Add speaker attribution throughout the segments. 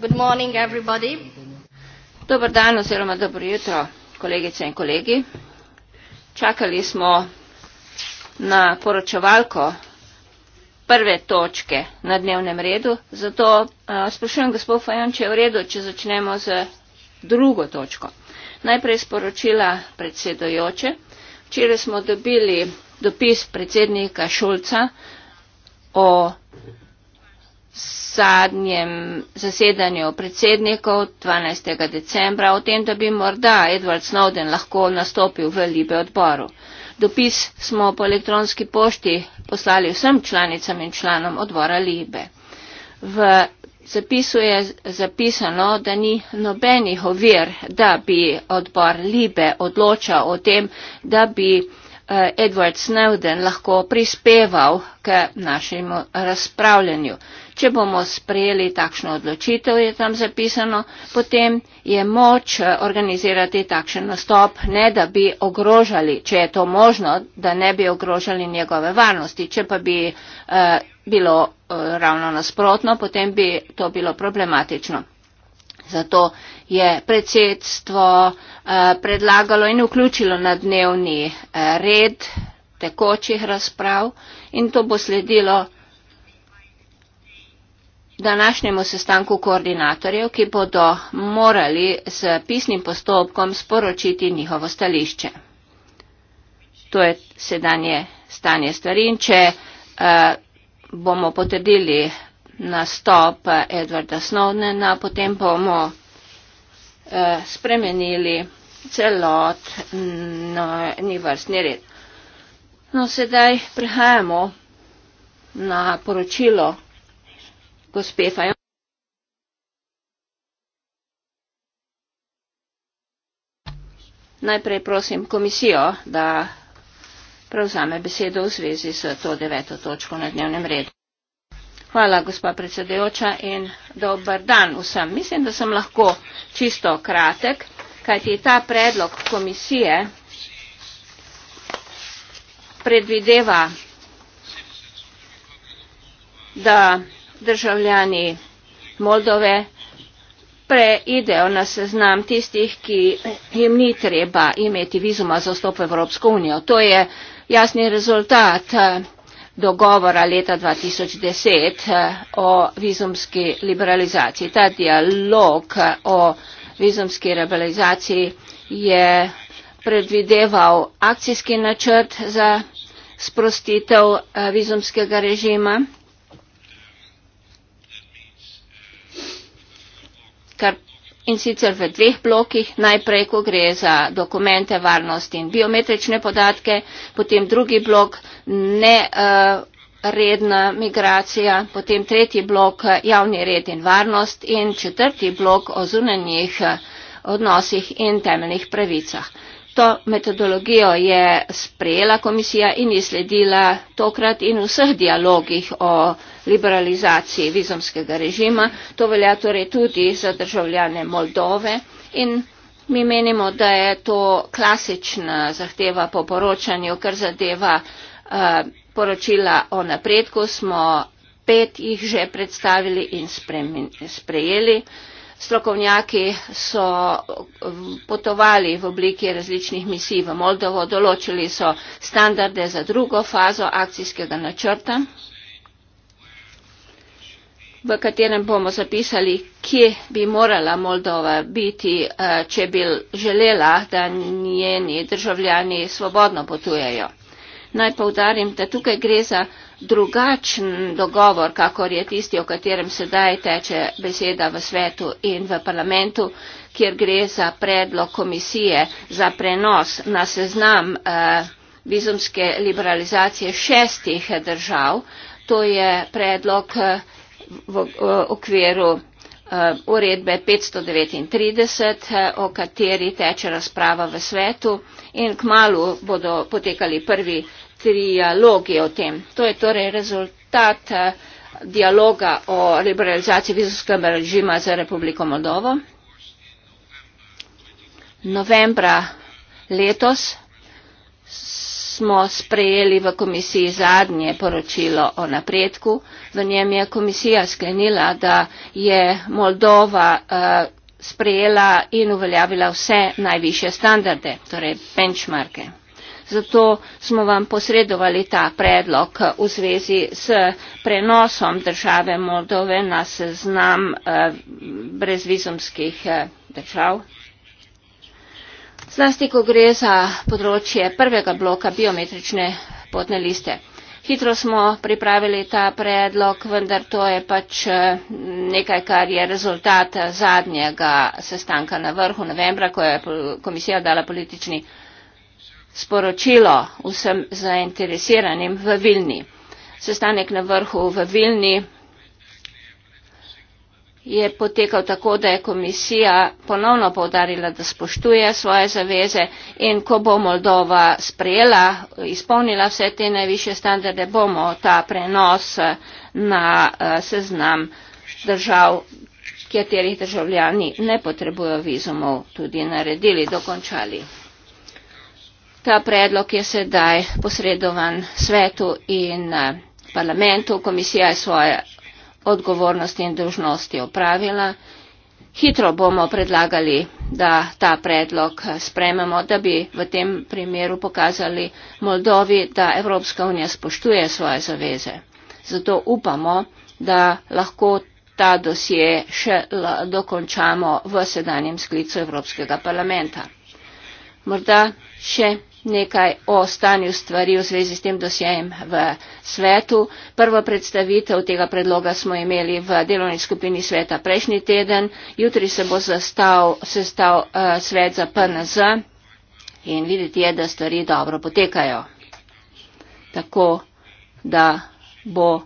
Speaker 1: Good morning, everybody. Dobar dan oziroma dobro jutro, kolegice in kolegi. Čakali smo na poročevalko prve točke na dnevnem redu, zato uh, sprašujem gospod Fajon, če je v redu, če začnemo z drugo točko. Najprej sporočila predsedojoče. Včeraj smo dobili dopis predsednika Šulca o zadnjem zasedanju predsednikov 12. decembra o tem, da bi morda Edward Snowden lahko nastopil v Libe odboru. Dopis smo po elektronski pošti poslali vsem članicam in članom odbora Libe. V zapisu je zapisano, da ni nobenih ovir, da bi odbor Libe odločal o tem, da bi eh, Edward Snowden lahko prispeval k našemu razpravljanju. Če bomo sprejeli takšno odločitev, je tam zapisano, potem je moč eh, organizirati takšen nastop, ne da bi ogrožali, če je to možno, da ne bi ogrožali njegove varnosti. Če pa bi eh, bilo eh, ravno nasprotno, potem bi to bilo problematično. Zato je predsedstvo eh, predlagalo in vključilo na dnevni eh, red tekočih razprav in to bo sledilo današnjemu sestanku koordinatorjev, ki bodo morali s pisnim postopkom sporočiti njihovo stališče. To je sedanje stanje stvari in če uh, bomo potrdili nastop Edwarda Snowdena, potem bomo uh, spremenili celotni no, vrstni red. No, sedaj prihajamo na poročilo gospe Fajon. Najprej prosim komisijo, da prevzame besedo v zvezi s to deveto točko na dnevnem redu. Hvala, gospa predsedujoča in dober dan vsem. Mislim, da sem lahko čisto kratek, kajti ta predlog komisije predvideva, da državljani Moldove preidejo na seznam tistih, ki jim ni treba imeti vizuma za vstop v Evropsko unijo. To je jasni rezultat eh, dogovora leta 2010 eh, o vizumski liberalizaciji. Ta dialog eh, o vizumski liberalizaciji je predvideval akcijski načrt za sprostitev vizumskega režima. in sicer v dveh blokih, najprej, ko gre za dokumente varnosti in biometrične podatke, potem drugi blok ne. Uh, redna migracija, potem tretji blok eh, javni red in varnost in četrti blok o zunanjih eh, odnosih in temeljnih pravicah. To metodologijo je sprejela komisija in je sledila tokrat in v vseh dialogih o liberalizaciji vizumskega režima. To velja torej tudi za državljane Moldove in mi menimo, da je to klasična zahteva po poročanju, kar zadeva uh, poročila o napredku. Smo pet jih že predstavili in sprejeli. Strokovnjaki so potovali v obliki različnih misij v Moldovo, določili so standarde za drugo fazo akcijskega načrta v katerem bomo zapisali, kje bi morala Moldova biti, eh, če bi želela, da njeni državljani svobodno potujejo. Naj povdarim, da tukaj gre za drugačen dogovor, kakor je tisti, o katerem sedaj teče beseda v svetu in v parlamentu, kjer gre za predlog komisije za prenos na seznam eh, vizumske liberalizacije šestih držav. To je predlog. Eh, v, v okviru eh, uredbe 539, eh, o kateri teče razprava v svetu in k malu bodo potekali prvi trialogi o tem. To je torej rezultat eh, dialoga o liberalizaciji vizovskega režima za Republiko Moldovo. Novembra letos smo sprejeli v komisiji zadnje poročilo o napredku. V njem je komisija sklenila, da je Moldova eh, sprejela in uveljavila vse najviše standarde, torej benchmarke. Zato smo vam posredovali ta predlog v zvezi s prenosom države Moldove na seznam eh, brezvizumskih eh, držav zlasti ko gre za področje prvega bloka biometrične potne liste. Hitro smo pripravili ta predlog, vendar to je pač eh, nekaj, kar je rezultat zadnjega sestanka na vrhu novembra, ko je komisija dala politični sporočilo vsem zainteresiranim v Vilni. Sestanek na vrhu v Vilni je potekal tako, da je komisija ponovno povdarila, da spoštuje svoje zaveze in ko bo Moldova sprejela, izpolnila vse te najviše standarde, bomo ta prenos eh, na eh, seznam držav, katerih državljani ne potrebujo vizumov, tudi naredili, dokončali. Ta predlog je sedaj posredovan svetu in eh, parlamentu. Komisija je svoje odgovornosti in dožnosti opravila. Hitro bomo predlagali, da ta predlog sprememo, da bi v tem primeru pokazali Moldovi, da Evropska unija spoštuje svoje zaveze. Zato upamo, da lahko ta dosje še dokončamo v sedanjem sklicu Evropskega parlamenta. Morda še nekaj o stanju stvari v zvezi s tem dosjejem v svetu. Prvo predstavitev tega predloga smo imeli v delovni skupini sveta prejšnji teden. Jutri se bo sestal uh, eh, svet za PNZ in videti je, da stvari dobro potekajo. Tako da bo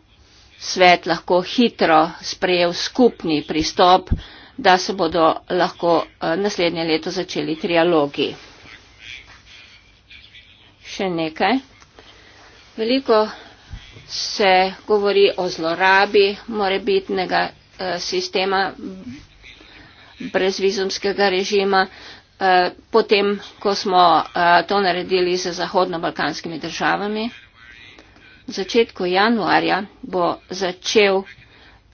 Speaker 1: svet lahko hitro sprejel skupni pristop, da se bodo lahko eh, naslednje leto začeli trialogi še nekaj. Veliko se govori o zlorabi morebitnega eh, sistema brezvizumskega režima, eh, potem, ko smo eh, to naredili z zahodno-balkanskimi državami. V začetku januarja bo začel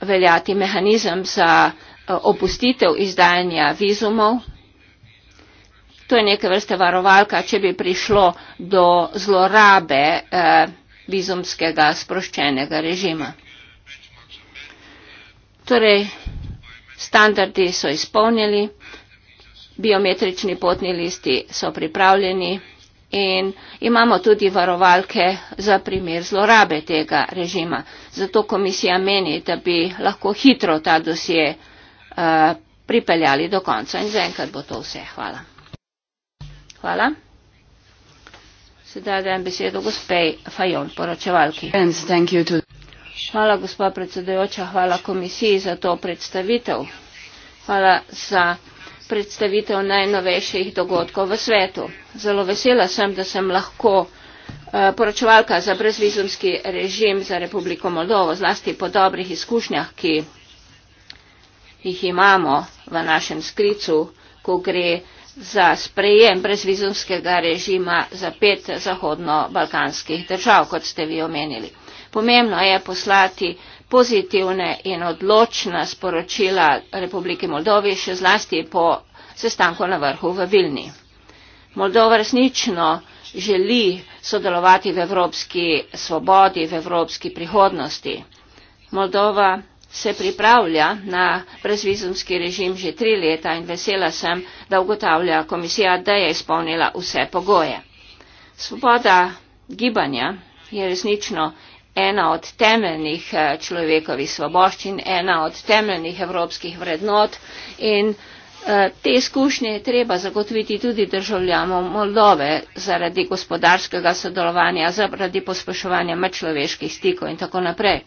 Speaker 1: veljati mehanizem za opustitev izdajanja vizumov To je neke vrste varovalka, če bi prišlo do zlorabe eh, vizumskega sproščenega režima. Torej, standardi so izpolnili, biometrični potni listi so pripravljeni in imamo tudi varovalke za primer zlorabe tega režima. Zato komisija meni, da bi lahko hitro ta dosje eh, pripeljali do konca in zaenkrat bo to vse. Hvala. Hvala. Sedaj dajem besedo gospej Fajon, poročevalki. Hvala, gospa predsedojoča, hvala komisiji za to predstavitev. Hvala za predstavitev najnovejših dogodkov v svetu. Zelo vesela sem, da sem lahko eh, poročevalka za brezvizumski režim za Republiko Moldovo, zlasti po dobrih izkušnjah, ki jih imamo v našem skricu, ko gre za sprejem brezvizumskega režima za pet zahodno-balkanskih držav, kot ste vi omenili. Pomembno je poslati pozitivne in odločna sporočila Republike Moldovi, še zlasti po sestanku na vrhu v Vilni. Moldova resnično želi sodelovati v evropski svobodi, v evropski prihodnosti. Moldova se pripravlja na brezvizumski režim že tri leta in vesela sem, da ugotavlja komisija, da je izpolnila vse pogoje. Svoboda gibanja je resnično ena od temeljnih eh, človekovih svoboščin, ena od temeljnih evropskih vrednot in eh, te izkušnje je treba zagotoviti tudi državljanom Moldove zaradi gospodarskega sodelovanja, zaradi pospeševanja medčloveških stikov in tako naprej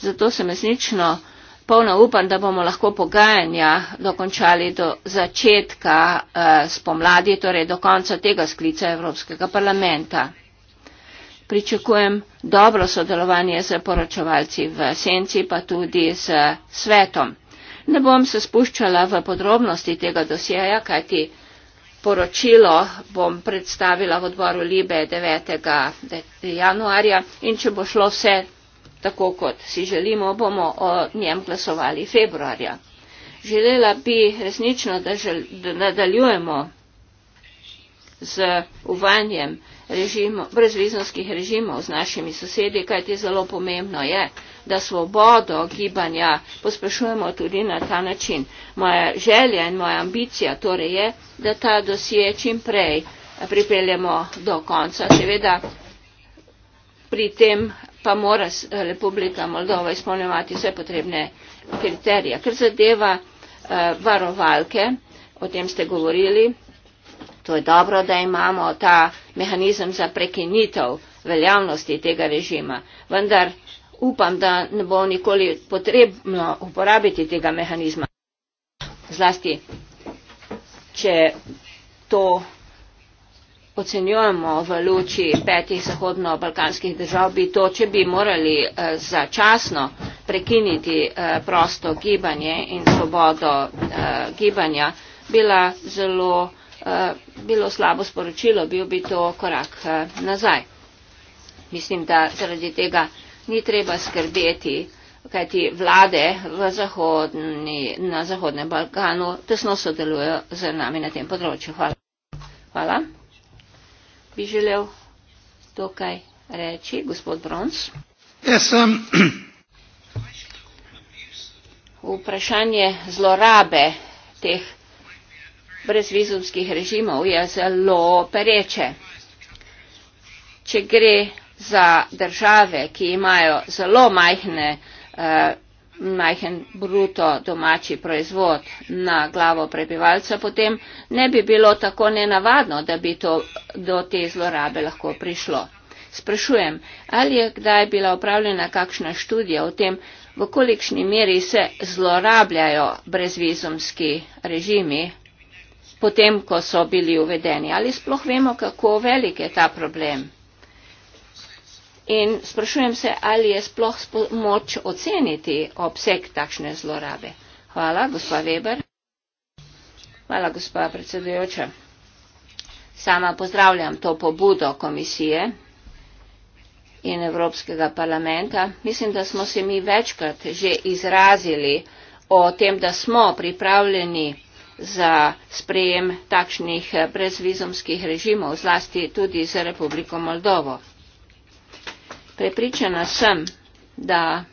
Speaker 1: zato sem resnično polno upam, da bomo lahko pogajanja dokončali do začetka eh, spomladi, torej do konca tega sklica Evropskega parlamenta. Pričakujem dobro sodelovanje z poročevalci v senci, pa tudi s svetom. Ne bom se spuščala v podrobnosti tega dosjeja, kajti poročilo bom predstavila v odboru Libe 9. januarja in če bo šlo vse tako kot si želimo, bomo o njem glasovali februarja. Želela bi resnično, da, žel, da nadaljujemo z uvanjem režimo, brezvizonskih režimov z našimi sosedi, kajti zelo pomembno je, da svobodo gibanja pospešujemo tudi na ta način. Moja želja in moja ambicija torej je, da ta dosje čim prej pripeljemo do konca. Seveda pri tem pa mora eh, Republika Moldova izpolnjevati vse potrebne kriterije. Kar zadeva uh, varovalke, o tem ste govorili, to je dobro, da imamo ta mehanizem za prekinitev veljavnosti tega režima, vendar upam, da ne bo nikoli potrebno uporabiti tega mehanizma. Zlasti, če to podcenjujemo v luči petih zahodno-balkanskih držav, bi to, če bi morali eh, začasno prekiniti eh, prosto gibanje in svobodo eh, gibanja, bila zelo, bilo slabo sporočilo, bil bi to korak nazaj. Mislim, da zaradi tega ni treba skrbeti, kajti vlade v zahodni, na Zahodnem Balkanu tesno sodelujo z nami na tem področju. Hvala. Hvala bi želel tukaj reči, gospod Bronc?
Speaker 2: Jaz sem.
Speaker 1: Vprašanje zlorabe teh brezvizumskih režimov je zelo pereče. Če gre za države, ki imajo zelo majhne uh, majhen bruto domači proizvod na glavo prebivalca, potem ne bi bilo tako nenavadno, da bi to, do te zlorabe lahko prišlo. Sprašujem, ali je kdaj bila upravljena kakšna študija o tem, v kolikšni meri se zlorabljajo brezvizumski režimi, potem ko so bili uvedeni, ali sploh vemo, kako velik je ta problem in sprašujem se, ali je sploh moč oceniti obseg takšne zlorabe. Hvala, gospa Weber. Hvala, gospa predsedujoča. Sama pozdravljam to pobudo komisije in Evropskega parlamenta. Mislim, da smo se mi večkrat že izrazili o tem, da smo pripravljeni za sprejem takšnih brezvizumskih režimov, zlasti tudi za Republiko Moldovo. Prepričana sem, da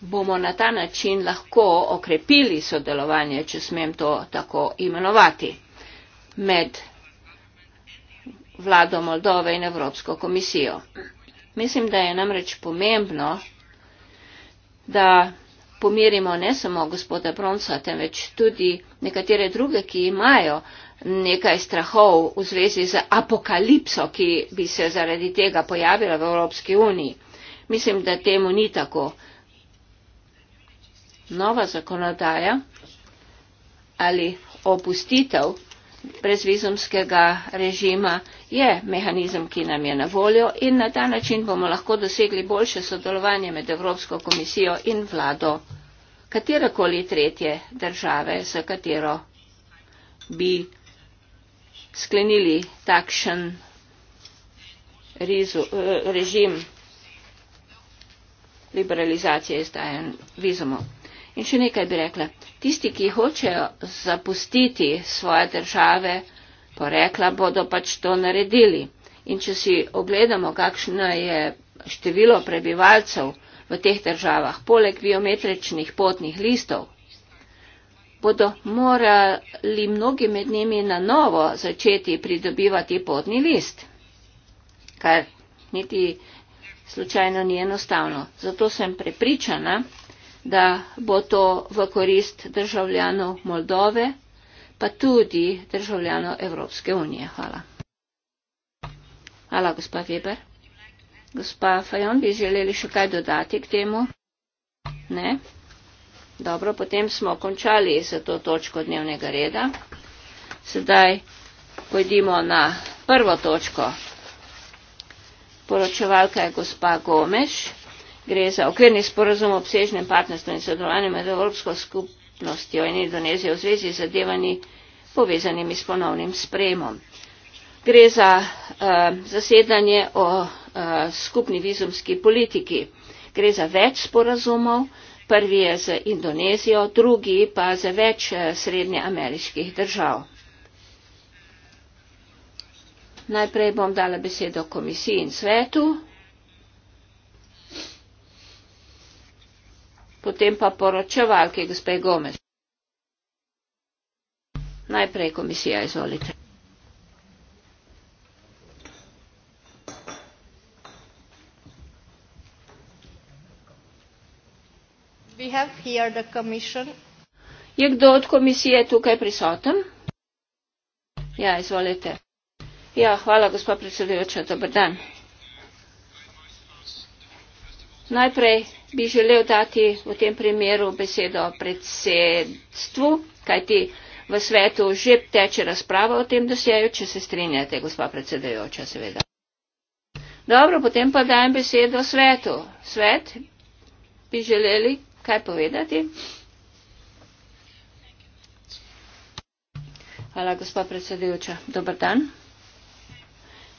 Speaker 1: bomo na ta način lahko okrepili sodelovanje, če smem to tako imenovati, med vlado Moldove in Evropsko komisijo. Mislim, da je namreč pomembno, da pomirimo ne samo gospoda Bronca, temveč tudi nekatere druge, ki imajo nekaj strahov v zvezi z apokalipso, ki bi se zaradi tega pojavila v Evropski uniji. Mislim, da temu ni tako. Nova zakonodaja ali opustitev brezvizumskega režima je mehanizem, ki nam je na voljo in na ta način bomo lahko dosegli boljše sodelovanje med Evropsko komisijo in vlado katerekoli tretje države, za katero bi sklenili takšen rezu, eh, režim liberalizacije izdajanj vizumov. In še nekaj bi rekla. Tisti, ki hočejo zapustiti svoje države, porekla, bodo pač to naredili. In če si ogledamo, kakšno je število prebivalcev v teh državah, poleg biometričnih potnih listov, bodo morali mnogi med njimi na novo začeti pridobivati potni list, kar niti slučajno ni enostavno. Zato sem prepričana, da bo to v korist državljanov Moldove, pa tudi državljanov Evropske unije. Hvala. Hvala, gospa Weber. Gospa Fajon, bi želeli še kaj dodati k temu? Ne? Dobro, potem smo končali za to točko dnevnega reda. Sedaj pojdimo na prvo točko. Poročevalka je gospa Gomeš. Gre za okvirni sporozum o obsežnem partnerstvu in sodelovanju med Evropsko skupnostjo in Indonezijo v zvezi z zadevami povezanimi s ponovnim sprejemom. Gre za uh, zasedanje o uh, skupni vizumski politiki. Gre za več sporazumov, prvi je z Indonezijo, drugi pa z več eh, srednjeameriških držav. Najprej bom dala besedo komisiji in svetu, potem pa poročevalki gospe Gomez. Najprej komisija, izvolite. We have here the commission. Je kdo od komisije tukaj prisoten? Ja, izvolite. Ja, hvala, gospod predsedujoča, dober dan. Najprej bi želel dati v tem primeru besedo predsedstvu, kajti v svetu že teče razprava o tem dosjeju, če se strinjate, gospod predsedujoča, seveda. Dobro, potem pa dajem besedo svetu. Svet bi želeli kaj povedati. Hvala, gospod predsedujoča. Dobar dan.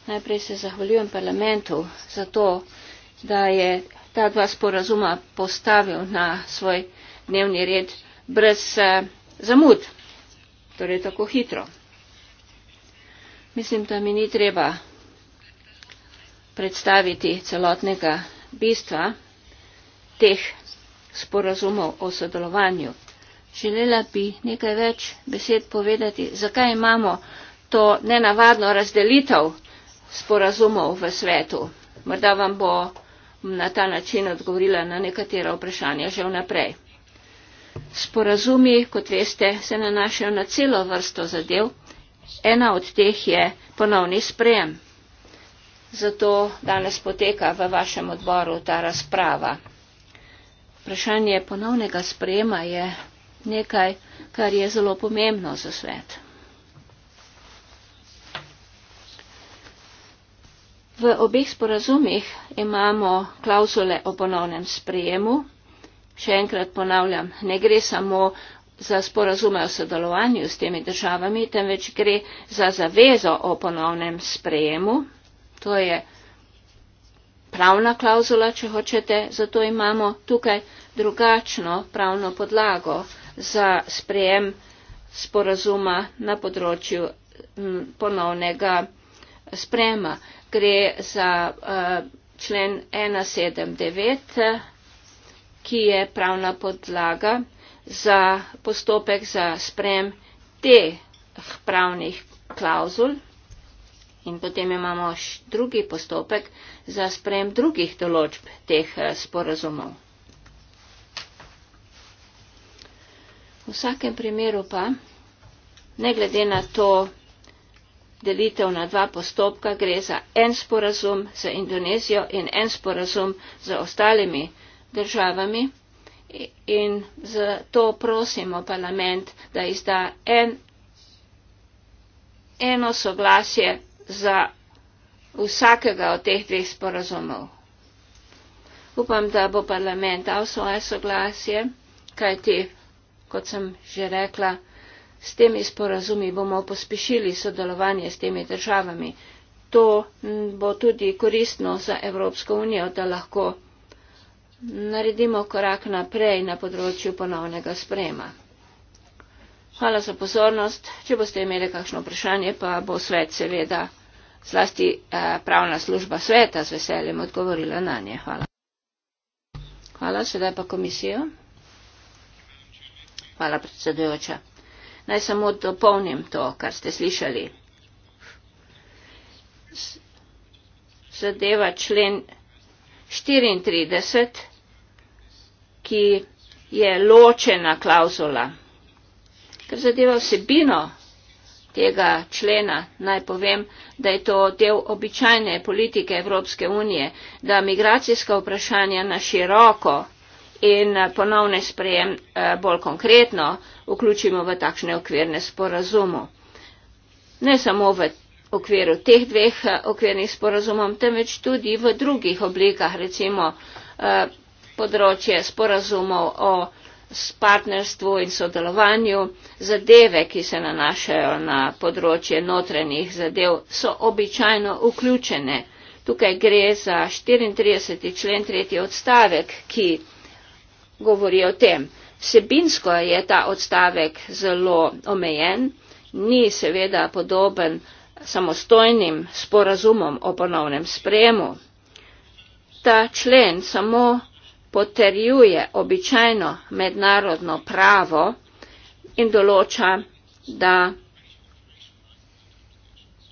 Speaker 1: Najprej se zahvaljujem parlamentu za to, da je ta dva sporazuma postavil na svoj dnevni red brez eh, zamud, torej tako hitro. Mislim, da mi ni treba predstaviti celotnega bistva teh sporazumov o sodelovanju. Želela bi nekaj več besed povedati, zakaj imamo to nenavadno razdelitev sporazumov v svetu. Morda vam bo na ta način odgovorila na nekatera vprašanja že vnaprej. Sporazumi, kot veste, se nanašajo na celo vrsto zadev. Ena od teh je ponovni sprejem. Zato danes poteka v vašem odboru ta razprava vprašanje ponovnega sprejema je nekaj, kar je zelo pomembno za svet. V obeh sporazumih imamo klauzule o ponovnem sprejemu. Še enkrat ponavljam, ne gre samo za sporazume o sodelovanju s temi državami, temveč gre za zavezo o ponovnem sprejemu. To je pravna klauzula, če hočete, zato imamo tukaj drugačno pravno podlago za sprejem sporazuma na področju ponovnega sprema. Gre za eh, člen 179, ki je pravna podlaga za postopek za sprejem teh pravnih klauzul, In potem imamo drugi postopek za sprejem drugih določb teh eh, sporazumov. V vsakem primeru pa, ne glede na to delitev na dva postopka, gre za en sporazum za Indonezijo in en sporazum za ostalimi državami. In zato prosimo parlament, da izda en, eno soglasje za vsakega od teh dveh sporazumov. Upam, da bo parlament dal svoje soglasje, kajti, kot sem že rekla, s temi sporazumi bomo pospešili sodelovanje s temi državami. To bo tudi koristno za Evropsko unijo, da lahko naredimo korak naprej na področju ponovnega sprejema. Hvala za pozornost. Če boste imeli kakšno vprašanje, pa bo svet seveda, zlasti eh, pravna služba sveta z veseljem odgovorila na nje. Hvala. Hvala, sedaj pa komisijo. Hvala, predsedujoča. Naj samo dopolnim to, kar ste slišali. Zadeva člen 34, ki je ločena klauzula Kar zadeva vsebino tega člena, naj povem, da je to del običajne politike Evropske unije, da migracijska vprašanja na široko in ponovne sprejem eh, bolj konkretno vključimo v takšne okvirne sporazumu. Ne samo v okviru teh dveh eh, okvirnih sporazumov, temveč tudi v drugih oblikah, recimo eh, področje sporazumov o s partnerstvu in sodelovanju zadeve, ki se nanašajo na področje notranjih zadev, so običajno vključene. Tukaj gre za 34. člen tretji odstavek, ki govori o tem. Sebinsko je ta odstavek zelo omejen, ni seveda podoben samostojnim sporazumom o ponovnem spremu. Ta člen samo potrjuje običajno mednarodno pravo in določa, da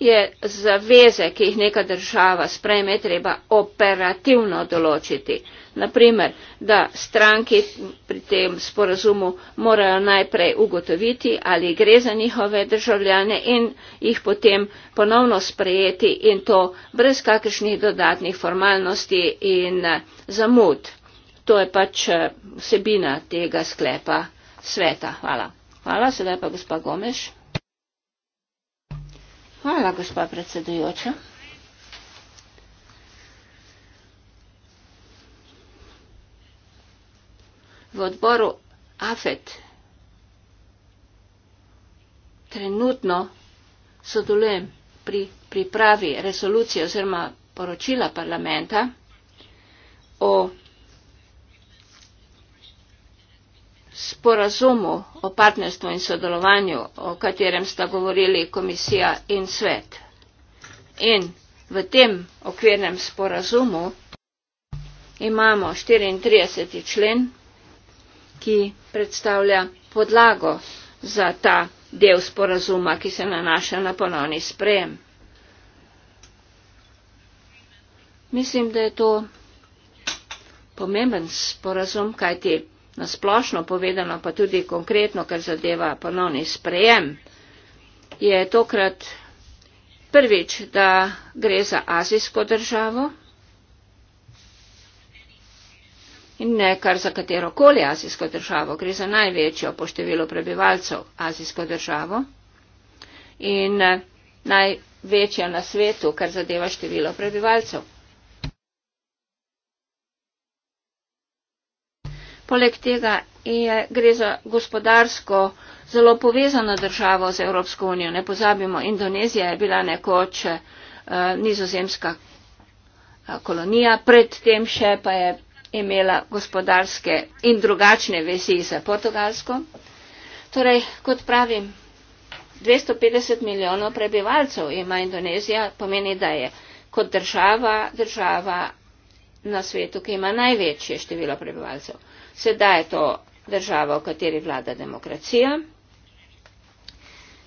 Speaker 1: je zaveze, ki jih neka država sprejme, treba operativno določiti. Naprimer, da stranki pri tem sporazumu morajo najprej ugotoviti, ali gre za njihove državljane in jih potem ponovno sprejeti in to brez kakršnih dodatnih formalnosti in eh, zamud. To je pač eh, vsebina tega sklepa sveta. Hvala. Hvala, sedaj pa gospa Gomeš. Hvala, gospa predsedujoča. V odboru AFET trenutno sodelujem pri pripravi resolucije oziroma poročila parlamenta o sporazumu o partnerstvu in sodelovanju, o katerem sta govorili komisija in svet. In v tem okvirnem sporazumu imamo 34. člen, ki predstavlja podlago za ta del sporazuma, ki se nanaša na ponovni sprejem. Mislim, da je to pomemben sporazum, kajti na splošno povedano, pa tudi konkretno, kar zadeva ponovni sprejem, je tokrat prvič, da gre za azijsko državo in ne kar za katero koli azijsko državo, gre za največjo po številu prebivalcev azijsko državo in eh, največja na svetu, kar zadeva število prebivalcev. Poleg tega je, gre za gospodarsko zelo povezano državo z Evropsko unijo. Ne pozabimo, Indonezija je bila nekoč uh, nizozemska eh, kolonija, predtem še pa je imela gospodarske in drugačne vezi z Portugalsko. Torej, kot pravim, 250 milijonov prebivalcev ima Indonezija, pomeni, da je kot država država na svetu, ki ima največje število prebivalcev sedaj je to država, v kateri vlada demokracija,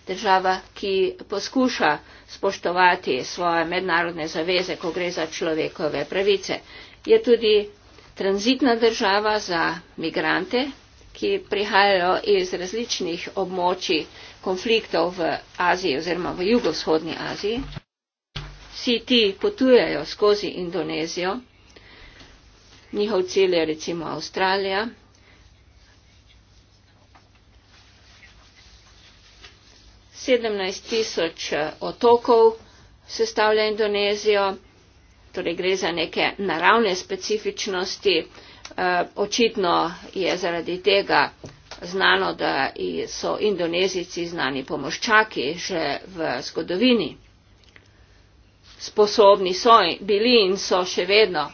Speaker 1: država, ki poskuša spoštovati svoje mednarodne zaveze, ko gre za človekove pravice. Je tudi tranzitna država za migrante, ki prihajajo iz različnih območij konfliktov v Aziji oziroma v jugovzhodni Aziji. Vsi ti potujejo skozi Indonezijo njihov cilj je recimo Avstralija. Sedemnajst tisoč eh, otokov sestavlja Indonezijo, torej gre za neke naravne specifičnosti. Eh, očitno je zaradi tega znano, da so Indonezijci znani pomoščaki že v zgodovini. Sposobni so bili in so še vedno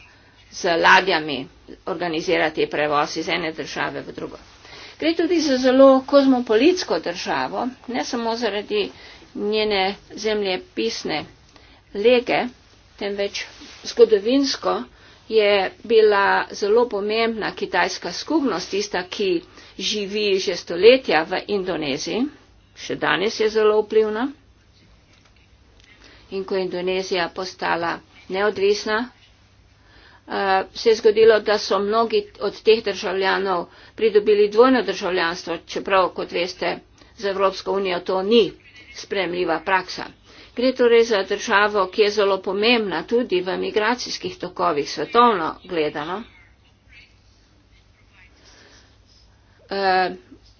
Speaker 1: z ladjami organizirati prevoz iz ene države v drugo. Gre tudi za zelo kozmopolitsko državo, ne samo zaradi njene zemljepisne lege, temveč zgodovinsko je bila zelo pomembna kitajska skupnost, tista, ki živi že stoletja v Indoneziji, še danes je zelo vplivna. In ko je Indonezija postala neodvisna Eh, se je zgodilo, da so mnogi od teh državljanov pridobili dvojno državljanstvo, čeprav, kot veste, za Evropsko unijo to ni spremljiva praksa. Gre torej za državo, ki je zelo pomembna tudi v migracijskih tokovih svetovno gledano. Eh,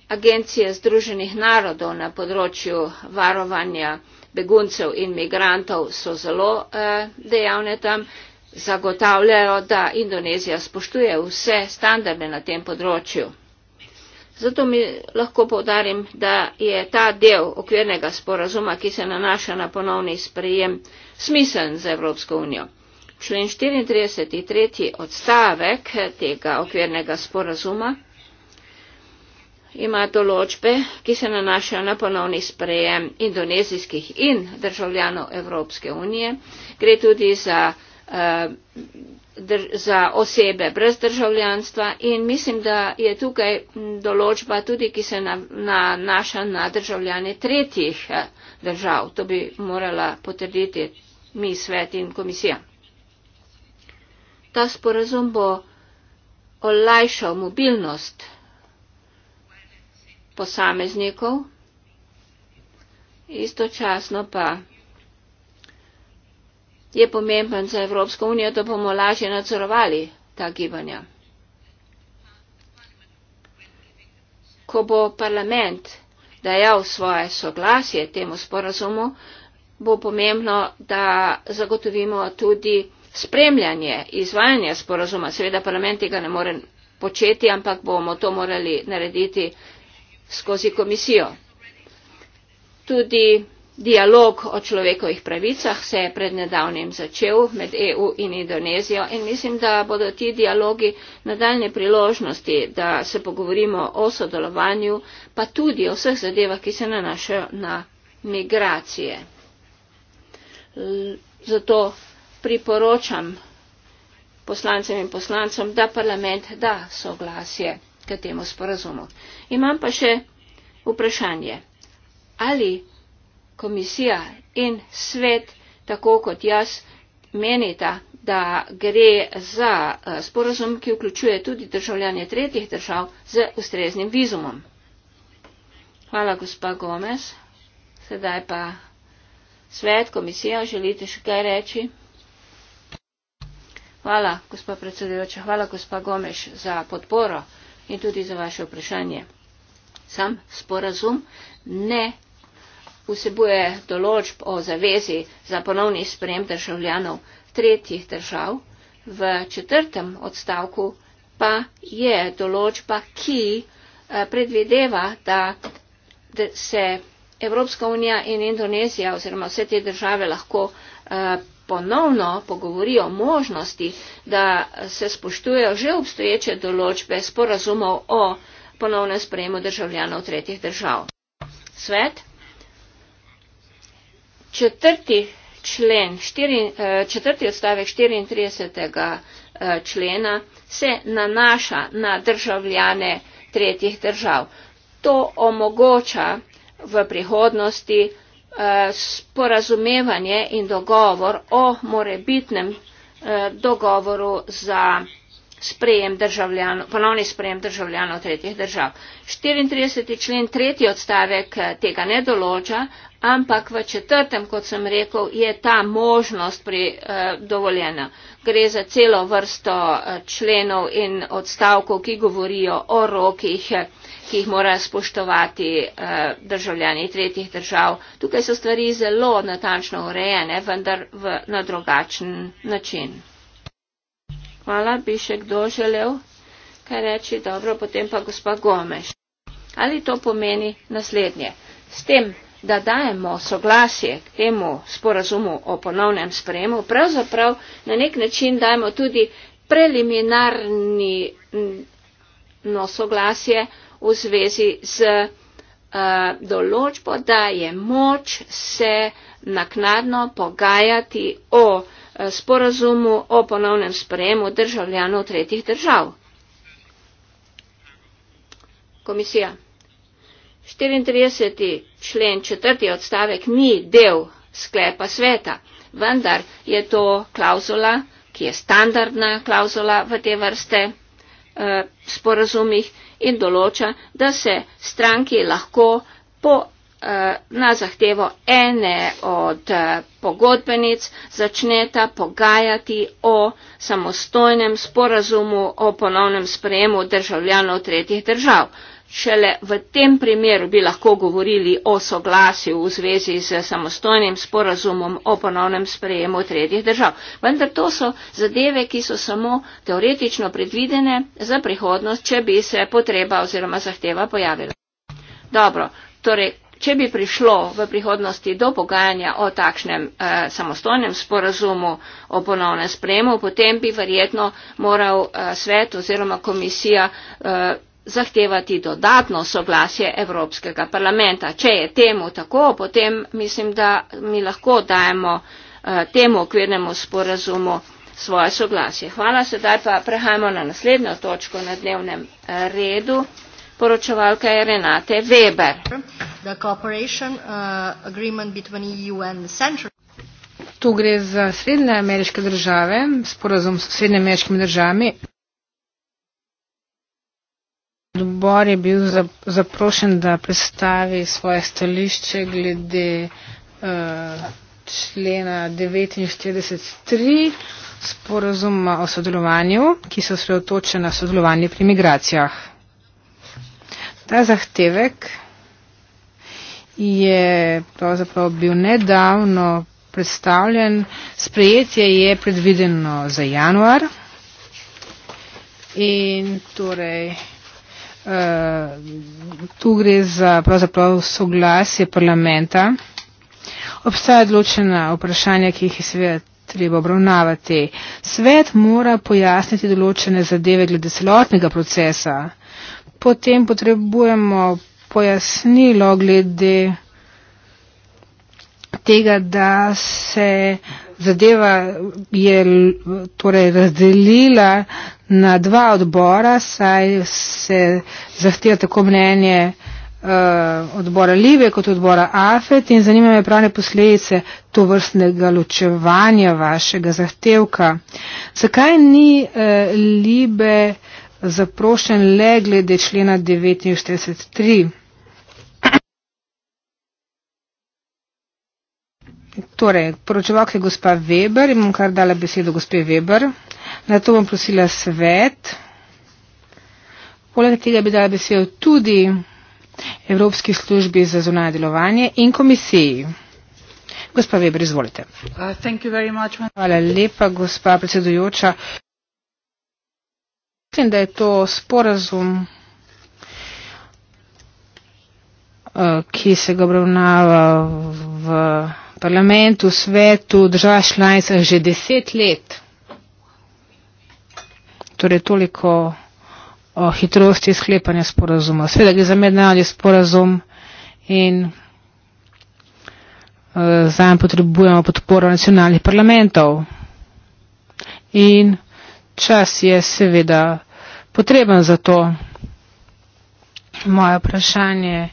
Speaker 1: agencije Združenih narodov na področju varovanja beguncev in migrantov so zelo eh, dejavne tam zagotavljajo, da Indonezija spoštuje vse standarde na tem področju. Zato mi lahko povdarim, da je ta del okvirnega sporazuma, ki se nanaša na ponovni sprejem, smiseln za Evropsko unijo. Člen 34. tretji odstavek tega okvirnega sporazuma ima določbe, ki se nanašajo na ponovni sprejem indonezijskih in državljanov Evropske unije. Gre tudi za Eh, za osebe brez državljanstva in mislim, da je tukaj določba tudi, ki se nanaša na državljane tretjih eh, držav. To bi morala potrditi mi svet in komisija. Ta sporazum bo olajšal mobilnost posameznikov, istočasno pa je pomemben za Evropsko unijo, da bomo lažje nadzorovali ta gibanja. Ko bo parlament dajal svoje soglasje temu sporazumu, bo pomembno, da zagotovimo tudi spremljanje izvajanja sporazuma. Seveda parlament tega ne more početi, ampak bomo to morali narediti skozi komisijo. Tudi Dialog o človekovih pravicah se je pred nedavnim začel med EU in Indonezijo in mislim, da bodo ti dialogi nadaljne priložnosti, da se pogovorimo o sodelovanju, pa tudi o vseh zadevah, ki se nanašajo na migracije. Zato priporočam poslancem in poslancem, da parlament da soglasje k temu sporazumu. Imam pa še vprašanje. Ali komisija in svet, tako kot jaz, menita, da gre za eh, sporozum, ki vključuje tudi državljanje tretjih držav z ustreznim vizumom. Hvala, gospa Gomez. Sedaj pa svet, komisija, želite še kaj reči? Hvala, gospa predsedujoča, hvala, gospa Gomeš, za podporo in tudi za vaše vprašanje. Sam sporazum ne vsebuje določb o zavezi za ponovni sprejem državljanov tretjih držav, v četrtem odstavku pa je določba, ki eh, predvideva, da se Evropska unija in Indonezija oziroma vse te države lahko eh, ponovno pogovorijo o možnosti, da se spoštujejo že obstoječe določbe sporazumov o ponovnem sprejemu državljanov tretjih držav. Svet četrti člen, štiri, eh, četrti odstavek 34. Eh, člena se nanaša na državljane tretjih držav. To omogoča v prihodnosti eh, sporazumevanje in dogovor o morebitnem dogovoru za sprejem državljanov, ponovni sprejem državljanov tretjih držav. 34. člen tretji odstavek eh, tega ne določa, ampak v četrtem, kot sem rekel, je ta možnost pri, eh, dovoljena. Gre za celo vrsto eh, členov in odstavkov, ki govorijo o rokih, eh, ki jih mora spoštovati eh, državljani tretjih držav. Tukaj so stvari zelo natančno urejene, vendar v, na drugačen način. Hvala, bi še kdo želel kaj reči, dobro, potem pa gospa Gomeš. Ali to pomeni naslednje? S tem, da dajemo soglasje k temu sporazumu o ponovnem spremu, pravzaprav na nek način dajemo tudi preliminarno mm, no, soglasje v zvezi z uh, določbo, da je moč se naknadno pogajati o. Eh, sporazumu o ponovnem sprejemu državljanov tretjih držav. Komisija. 34. člen četrti odstavek ni del sklepa sveta, vendar je to klauzula, ki je standardna klauzula v te vrste eh, sporazumih in določa, da se stranki lahko po Eh, na zahtevo ene od eh, pogodbenic začneta pogajati o samostojnem sporazumu o ponovnem sprejemu državljanov tretjih držav. Šele v tem primeru bi lahko govorili o soglasju v zvezi z samostojnim sporazumom o ponovnem sprejemu tretjih držav. Vendar to so zadeve, ki so samo teoretično predvidene za prihodnost, če bi se potreba oziroma zahteva pojavila. Dobro, torej če bi prišlo v prihodnosti do pogajanja o takšnem eh, samostojnem sporazumu o ponovnem sprejemu, potem bi verjetno moral eh, svet oziroma komisija eh, zahtevati dodatno soglasje Evropskega parlamenta. Če je temu tako, potem mislim, da mi lahko dajemo eh, temu okvirnemu sporazumu svoje soglasje. Hvala, sedaj pa prehajamo na naslednjo točko na dnevnem eh, redu poročevalke Renate Weber.
Speaker 3: Uh,
Speaker 4: e tu gre za srednje ameriške države, sporazum s srednje ameriškimi državami. Odbor je bil zaprošen, da predstavi svoje stališče glede uh, člena 49.3 sporazuma o sodelovanju, ki se osredotoča na sodelovanje pri migracijah. Ta zahtevek je pravzaprav bil nedavno predstavljen. Sprejetje je predvideno za januar in torej uh, tu gre za pravzaprav soglasje parlamenta. Obstaja odločena vprašanja, ki jih je seveda treba obravnavati. Svet mora pojasniti določene zadeve glede celotnega procesa potem potrebujemo pojasnilo glede tega, da se zadeva je torej razdelila na dva odbora, saj se zahteva tako mnenje eh, odbora Libije kot odbora AFET in zanima me pravne posledice to vrstnega ločevanja vašega zahtevka. Zakaj ni eh, Libe eh, zaprošen le glede člena 49.3. Torej, poročevalk je gospa Weber in bom kar dala besedo gospe Weber. Na to bom prosila svet. Poleg tega bi dala besedo tudi Evropski službi za zunanje delovanje in komisiji. Gospa Weber, izvolite. Uh, Hvala lepa, gospa predsedujoča. Mislim, da je to sporazum, eh, ki se ga obravnava v parlamentu, svetu, država članica že deset let. Torej toliko o hitrosti sklepanja sporazuma. Sveda gre za mednarodni sporazum in eh, zanj potrebujemo podporo nacionalnih parlamentov. In čas je seveda potreben za to. Moje vprašanje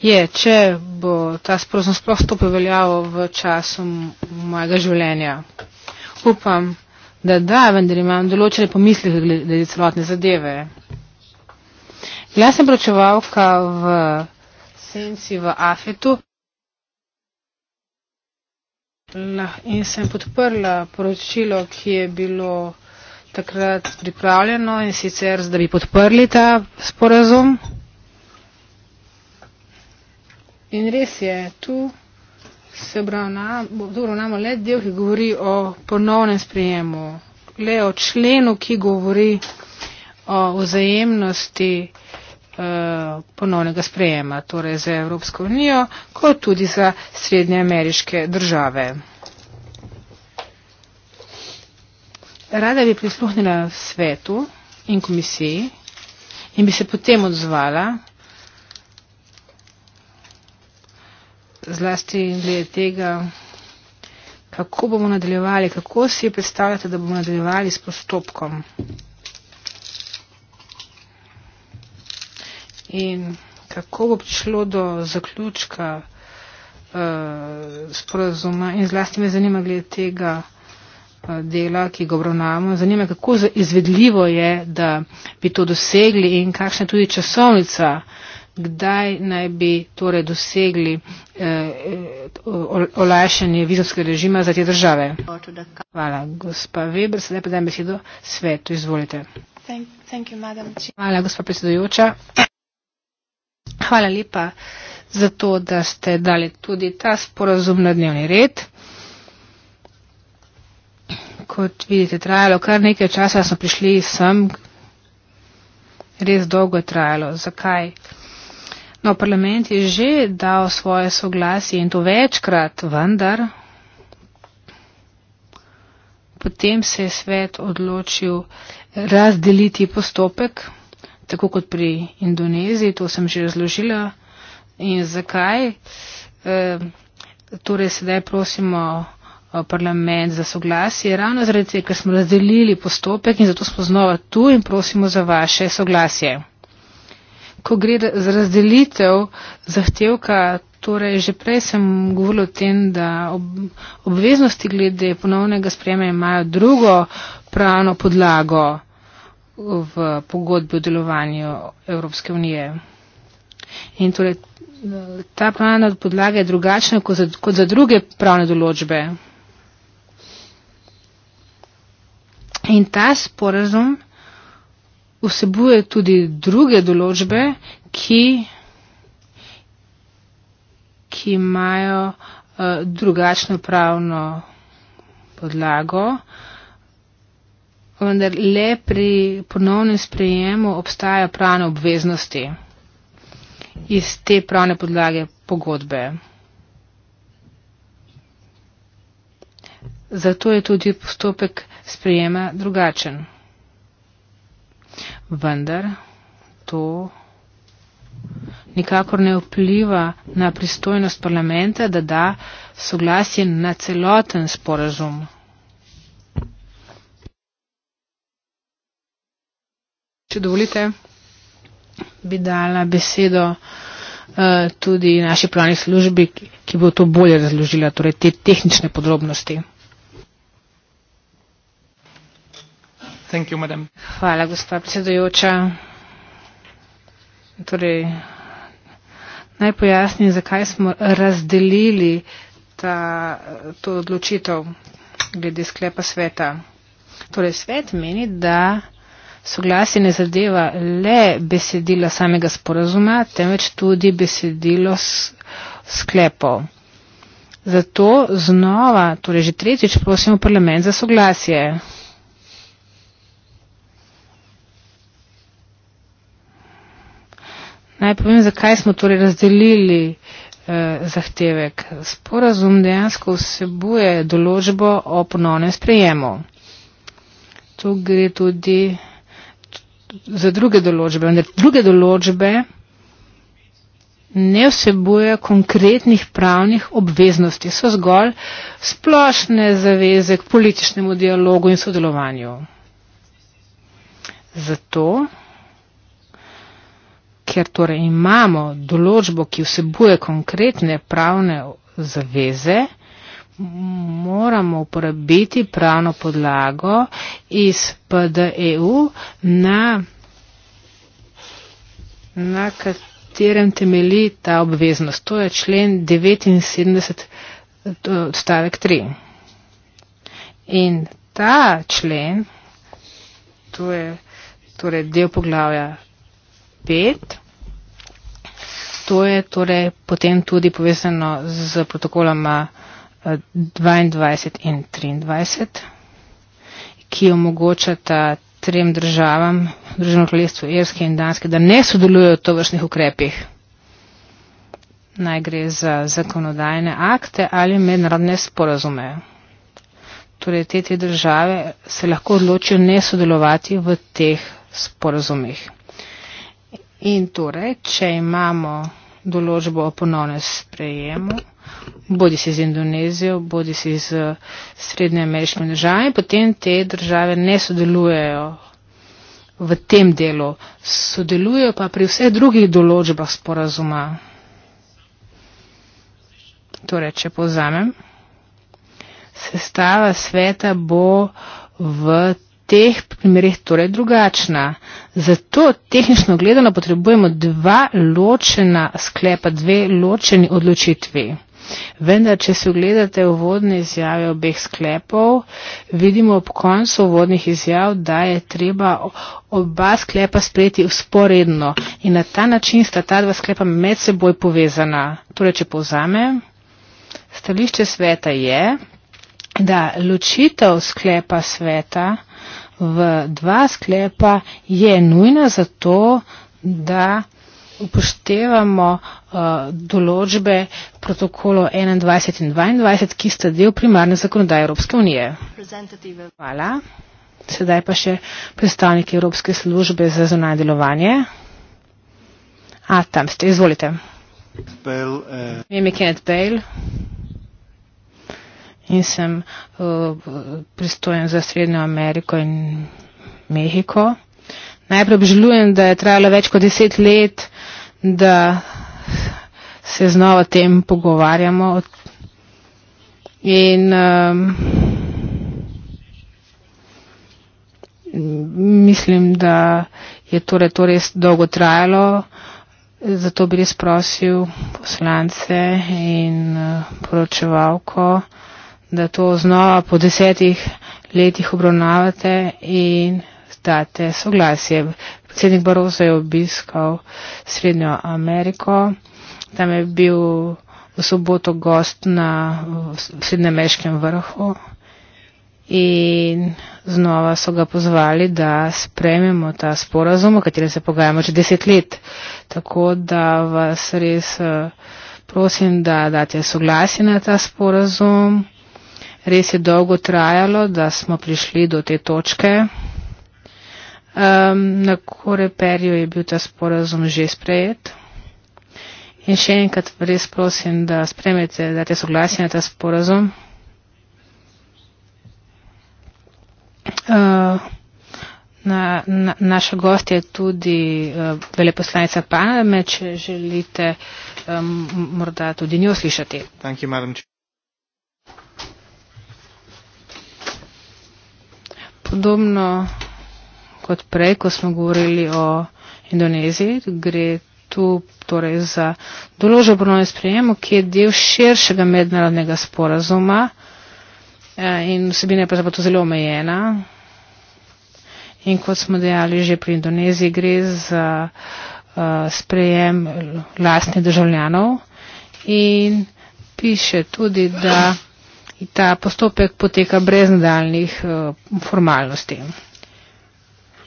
Speaker 4: je, če bo ta sporozum sploh stopil veljavo v času mojega življenja. Upam, da da, vendar imam določene pomisleke glede celotne zadeve. Bila sem pročevalka v senci v Afetu in sem podprla poročilo, ki je bilo takrat pripravljeno in sicer, da bi podprli ta sporazum. In res je, tu se obravnamo le del, ki govori o ponovnem sprejemu, le o členu, ki govori o vzajemnosti eh, ponovnega sprejema, torej za Evropsko unijo, kot tudi za srednjeameriške države. Rada bi prisluhnila svetu in komisiji in bi se potem odzvala zlasti glede tega, kako bomo nadaljevali, kako si predstavljate, da bomo nadaljevali s postopkom. In kako bo prišlo do zaključka uh, sporazuma in zlasti me zanima glede tega, Eh, dela, ki ga obravnavamo. Zanima me, kako izvedljivo je, da bi to dosegli in kakšna je tudi časovnica, kdaj naj bi torej dosegli eh, eh olajšanje vizumskega režima za te države. Hvala, gospa Weber. Sedaj pa dajem besedo svetu. Izvolite. Thank, thank you, Hvala, gospa predsedujoča. Hvala lepa za to, da ste dali tudi ta sporazum na dnevni red kot vidite, trajalo kar nekaj časa, smo prišli sem. Res dolgo je trajalo. Zakaj? No, parlament je že dal svoje soglasje in to večkrat, vendar. Potem se je svet odločil razdeliti postopek, tako kot pri Indoneziji, to sem že razložila. In zakaj? E, torej, sedaj prosimo. Eh, parlament za soglasje, ravno zaradi tega, ker smo razdelili postopek in zato smo znova tu in prosimo za vaše soglasje. Ko gre za razdelitev zahtevka, torej že prej sem govoril o tem, da ob, obveznosti glede ponovnega sprejema imajo drugo pravno podlago v pogodbi o delovanju Evropske unije. In torej ta pravna podlaga je drugačna kot za, kot za druge pravne določbe. In ta sporazum vsebuje tudi druge določbe, ki, ki imajo uh, drugačno pravno podlago, vendar le pri ponovnem sprejemu obstajajo pravne obveznosti iz te pravne podlage pogodbe. Zato je tudi postopek sprijema drugačen. Vendar to nikakor ne vpliva na pristojnost parlamenta, da da soglasje na celoten sporazum. Če dovolite, bi dala besedo uh, tudi naši pravni službi, ki bo to bolje razložila, torej te tehnične podrobnosti. Hvala, gospa predsedujoča. Torej, naj pojasnim, zakaj smo razdelili ta, to odločitev glede sklepa sveta. Torej, svet meni, da soglasje ne zadeva le besedila samega sporazuma, temveč tudi besedilo sklepov. Zato znova, torej že tretjič prosimo parlament za soglasje. Naj povem, zakaj smo torej razdelili eh, zahtevek. Sporazum dejansko vsebuje določbo o ponovnem sprejemu. Tu gre tudi za druge določbe. Druge določbe ne vsebuje konkretnih pravnih obveznosti, so zgolj splošne zaveze k političnemu dialogu in sodelovanju. Zato ker torej imamo določbo, ki vsebuje konkretne pravne zaveze, moramo uporabiti pravno podlago iz PDEU, na, na katerem temeli ta obveznost. To je člen 79 odstavek 3. In ta člen, to je torej del poglavja 5. To je torej potem tudi povezano z protokoloma 22 eh, in 23, ki omogočata trem državam, Združenem kraljestvu Irske in Danske, da ne sodelujo v tovršnih ukrepih. Naj gre za zakonodajne akte ali mednarodne sporazume. Torej, te tri države se lahko odločijo ne sodelovati v teh sporazumih. In torej, če imamo določbo o ponovnem sprejemu, bodi si z Indonezijo, bodi si z srednjoameriškimi državami, potem te države ne sodelujejo v tem delu, sodelujejo pa pri vseh drugih določbah sporazuma. Torej, če povzamem, sestava sveta bo v teh primerih torej drugačna. Zato tehnično gledano potrebujemo dva ločena sklepa, dve ločeni odločitvi. Vendar, če se ogledate v vodne izjave obeh sklepov, vidimo ob koncu vodnih izjav, da je treba oba sklepa sprejeti usporedno in na ta način sta ta dva sklepa med seboj povezana. Torej, če povzamem, stališče sveta je, da ločitev sklepa sveta v dva sklepa je nujna zato, da upoštevamo uh, določbe protokolo 21 in 22, ki sta del primarne zakonodaje Evropske unije. Hvala. Sedaj pa še predstavniki Evropske službe za zunanje delovanje. A, tam ste, izvolite. Mimi eh. Kenneth Bale. Uh in sem uh, pristojen za Srednjo Ameriko in Mehiko. Najprej obžalujem, da je trajalo več kot deset let, da se znova o tem pogovarjamo. In um, mislim, da je torej to res dolgo trajalo, zato bi res prosil poslance in uh, poročevalko. Uh, da to znova po desetih letih obravnavate in date soglasje. Predsednik Barroso je obiskal Srednjo Ameriko, tam je bil v soboto gost na Srednjemeškem vrhu in znova so ga pozvali, da sprememo ta sporazum, o katerem se pogajamo že deset let. Tako da vas res eh, prosim, da date soglasje na ta sporazum. Res je dolgo trajalo, da smo prišli do te točke. Um, na koreperju je bil ta sporazum že sprejet. In še enkrat res prosim, da spremete, da te soglasje na ta sporazum. Uh, na, na, naša gost je tudi uh, veleposlanica Paname, če želite um, morda tudi njo slišati. podobno kot prej, ko smo govorili o Indoneziji. Gre tu torej za doložo obrnovno sprejemo, ki je del širšega mednarodnega sporazuma eh, in vsebina je pravzaprav zelo omejena. In kot smo dejali že pri Indoneziji, gre za eh, sprejem lastnih državljanov in piše tudi, da in ta postopek poteka brez nadaljnih uh, eh, formalnosti.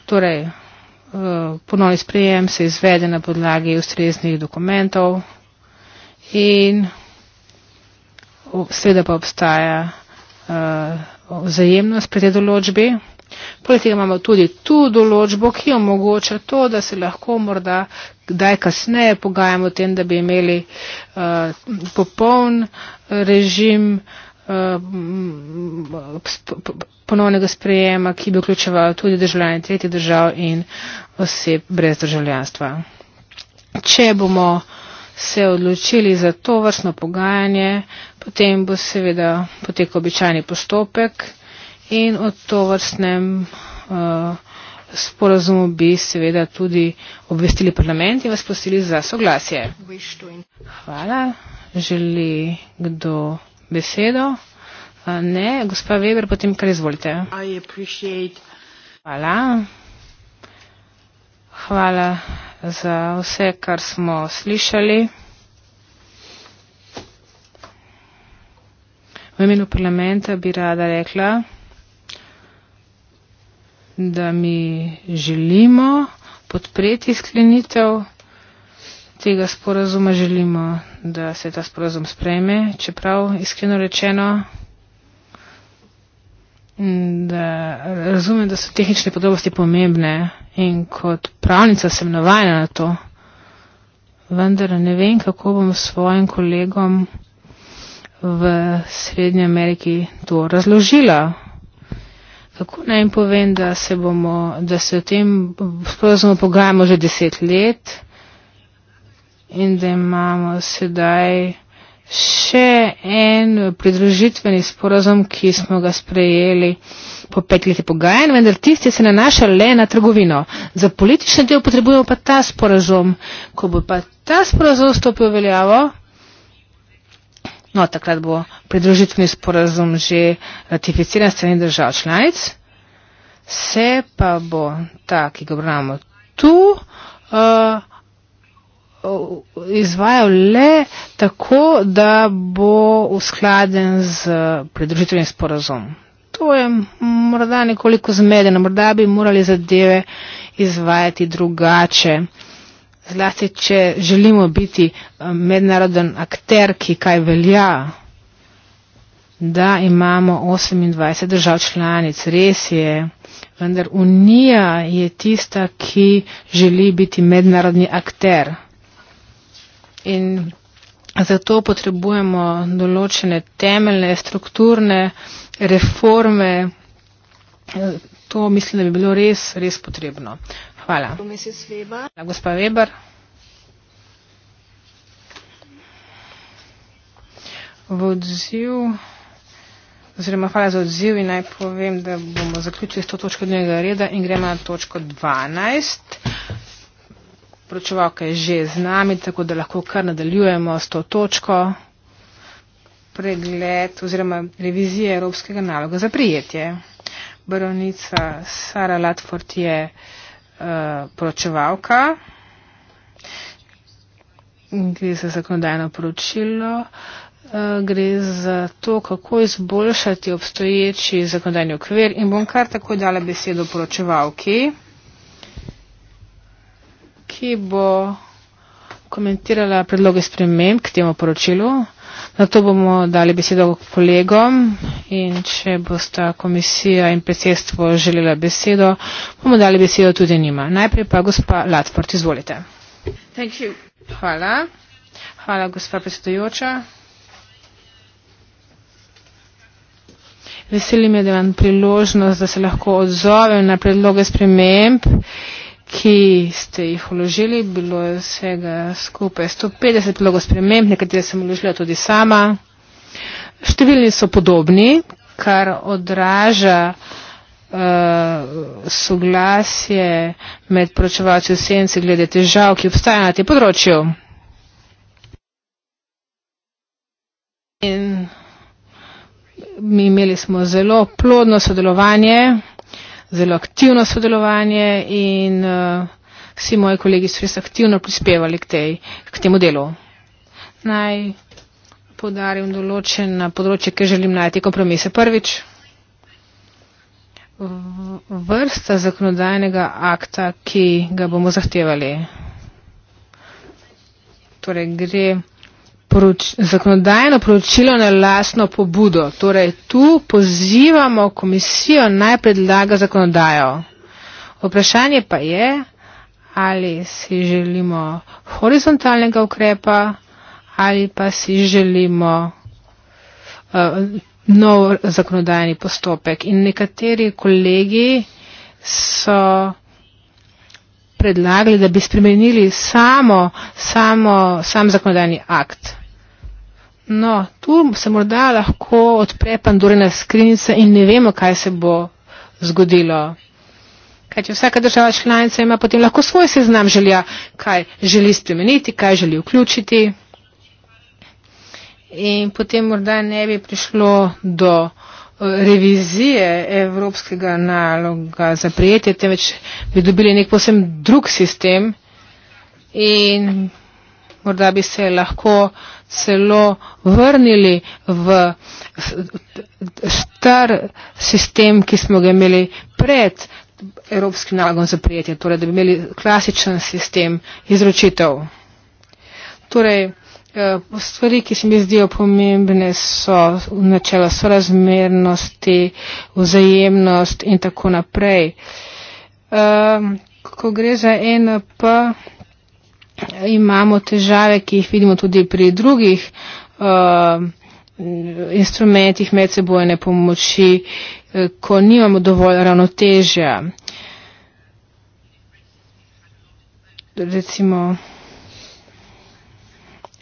Speaker 4: Torej, uh, ponovni sprejem se izvede na podlagi ustreznih dokumentov in seveda pa obstaja uh, vzajemnost pri tej določbi. Poleg tega imamo tudi tu določbo, ki omogoča to, da se lahko morda kdaj kasneje pogajamo o tem, da bi imeli uh, popoln režim uh, ponovnega sprejema, ki bi vključeval tudi državljane tretjih držav in oseb brez državljanstva. Če bomo se odločili za to vrstno pogajanje, potem bo seveda potekal običajni postopek in o to vrstnem uh, eh, sporozumu bi seveda tudi obvestili parlament in vas prosili za soglasje. Hvala. Želi kdo? besedo? Ne, gospa Weber, potem kar izvolite. Hvala. Hvala za vse, kar smo slišali. V imenu parlamenta bi rada rekla, da mi želimo podpreti sklenitev tega sporazuma želimo, da se ta sporazum sprejme, čeprav iskreno rečeno, da razumem, da so tehnične podrobnosti pomembne in kot pravnica sem navajena na to, vendar ne vem, kako bom svojim kolegom v Srednji Ameriki to razložila. Kako naj jim povem, da se, bomo, da se o tem sporazumu pogajamo že deset let? in da imamo sedaj še en pridružitveni sporazum, ki smo ga sprejeli po petletih pogajanj, vendar tisti se nanaša le na trgovino. Za politični del potrebujemo pa ta sporazum. Ko bo pa ta sporazum stopil v veljavo, no takrat bo pridružitveni sporazum že ratificiran strani držav članic, se pa bo ta, ki ga obravnavamo tu, uh, izvajal le tako, da bo uskladen z pridružitvenim sporazum. To je morda nekoliko zmedeno, morda bi morali zadeve izvajati drugače. Zlasti, če želimo biti eh, mednaroden akter, ki kaj velja, da imamo 28 držav članic, res je, vendar Unija je tista, ki želi biti mednarodni akter in zato potrebujemo določene temeljne strukturne reforme. To mislim, da bi bilo res, res potrebno. Hvala. Hvala gospa Weber. V odziv, oziroma hvala za odziv in naj povem, da bomo zaključili s to točko dnevnega reda in gremo na točko 12 poročevalka je že z nami, tako da lahko kar nadaljujemo s to točko pregled oziroma revizije Evropskega naloga za prijetje. Baronica Sara Latford je uh, poročevalka. Gre za zakonodajno poročilo, eh, gre za to, kako izboljšati obstoječi zakonodajni okvir in bom kar takoj dala besedo poročevalki ki bo komentirala predloge sprememb k temu poročilu. Na to bomo dali besedo kolegom in če bosta komisija in predsedstvo želela besedo, bomo dali besedo tudi njima. Najprej pa gospa Latport, izvolite. Hvala. Hvala, gospa predsedujoča. Veseli me, da imam priložnost, da se lahko odzovem na predloge sprememb ki ste jih vložili, bilo je vsega skupaj 150 vlogo sprememb, nekatere sem vložila tudi sama. Številni so podobni, kar odraža uh, soglasje med pročevalci senci glede težav, ki obstajajo na tem področju. In imeli smo zelo plodno sodelovanje zelo aktivno sodelovanje in uh, vsi moji kolegi so res aktivno prispevali k, tej, k temu delu. Naj podarim določena področja, ker želim najti kompromise. Prvič, vrsta zakonodajnega akta, ki ga bomo zahtevali. Torej, gre poruč, zakonodajno poročilo na lastno pobudo. Torej, tu pozivamo komisijo naj predlaga zakonodajo. Vprašanje pa je, ali si želimo horizontalnega ukrepa ali pa si želimo uh, nov zakonodajni postopek. In nekateri kolegi so predlagali, da bi spremenili samo, samo, sam zakonodajni akt. No, tu se morda lahko odpre pandurina skrinjica in ne vemo, kaj se bo zgodilo. Kaj, če vsaka država članica ima potem lahko svoj seznam želja, kaj želi spremeniti, kaj želi vključiti. In potem morda ne bi prišlo do eh, revizije evropskega naloga za prijetje, temveč bi dobili nek posem drug sistem in morda bi se lahko celo vrnili v star sistem, ki smo ga imeli pred Evropskim nalogom za prijetje, torej da bi imeli klasičen sistem izročitev. Torej, eh, stvari, ki se mi zdijo pomembne, so načela sorazmernosti, vzajemnost in tako naprej. Eh, ko gre za NP imamo težave, ki jih vidimo tudi pri drugih uh, instrumentih medsebojne pomoči, uh, ko nimamo dovolj ravnotežja. Recimo,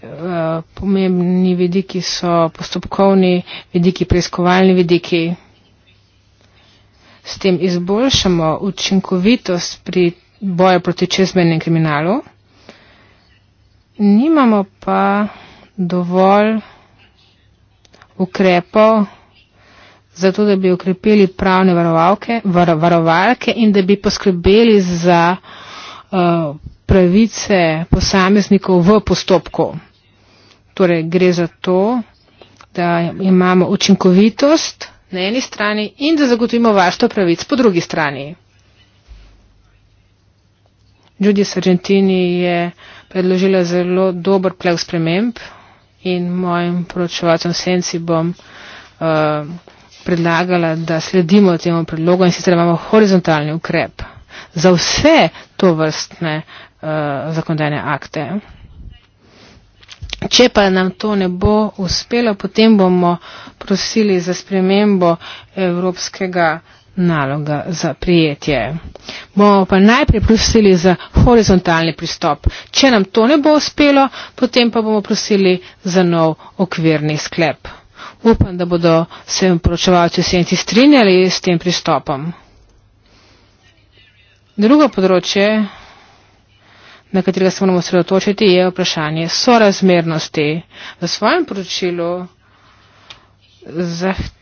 Speaker 4: uh, pomembni vidiki so postopkovni vidiki, preiskovalni vidiki. S tem izboljšamo učinkovitost pri boju proti čezmenjem kriminalu nimamo pa dovolj ukrepov za to, da bi ukrepili pravne varovalke, var, varovalke in da bi poskrbeli za uh, pravice posameznikov v postopku. Torej, gre za to, da imamo učinkovitost na eni strani in da zagotovimo varstvo pravic po drugi strani. Judy Sargentini je uh, predložila zelo dober plev sprememb in mojim poročevalcem senci bom uh, predlagala, da sledimo temu predlogu in sicer imamo horizontalni ukrep za vse to vrstne uh, eh, zakonodajne akte. Če pa nam to ne bo uspelo, potem bomo prosili za spremembo evropskega naloga za prijetje. Bomo pa najprej prosili za horizontalni pristop. Če nam to ne bo uspelo, potem pa bomo prosili za nov okvirni sklep. Upam, da bodo se poročevalci senci strinjali s tem pristopom. Drugo področje, na katerega se moramo sredotočiti, je vprašanje sorazmernosti. V svojem poročilu zahtevamo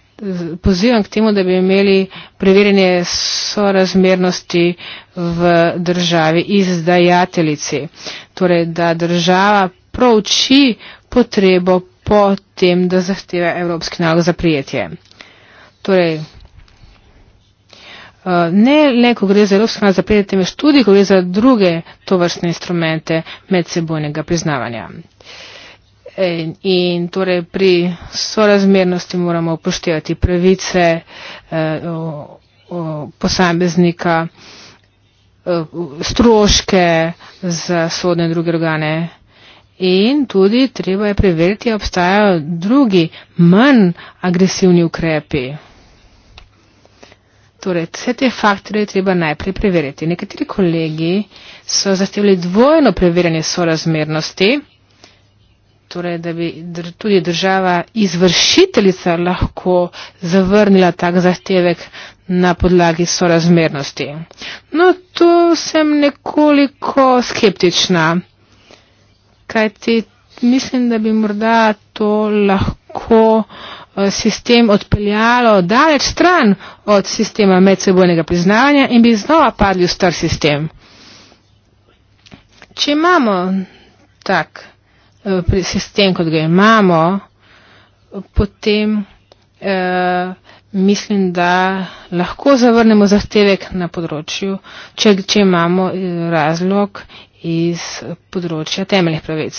Speaker 4: pozivam k temu, da bi imeli preverjanje sorazmernosti v državi izdajateljici. Torej, da država prouči potrebo po tem, da zahteva evropski nalog za prijetje. Torej, eh, ne le, ko gre za evropski nalog za prijetje, temveč tudi, ko gre za druge tovrstne instrumente medsebojnega priznavanja in, in torej pri sorazmernosti moramo upoštevati pravice eh, o, o, posameznika, eh, stroške za sodne in druge organe. In tudi treba je preveriti, obstajajo drugi, manj agresivni ukrepi. Torej, vse te faktore je treba najprej preveriti. Nekateri kolegi so zahtevali dvojno preverjanje sorazmernosti torej, da bi tudi država izvršiteljica lahko zavrnila tak zahtevek na podlagi sorazmernosti. No, tu sem nekoliko skeptična, kajti mislim, da bi morda to lahko eh, sistem odpeljalo daleč stran od sistema medsebojnega priznavanja in bi znova padli v star sistem. Če imamo tak sistem, kot ga imamo, potem eh, mislim, da lahko zavrnemo zahtevek na področju, če, če imamo eh, razlog iz področja temeljih pravic.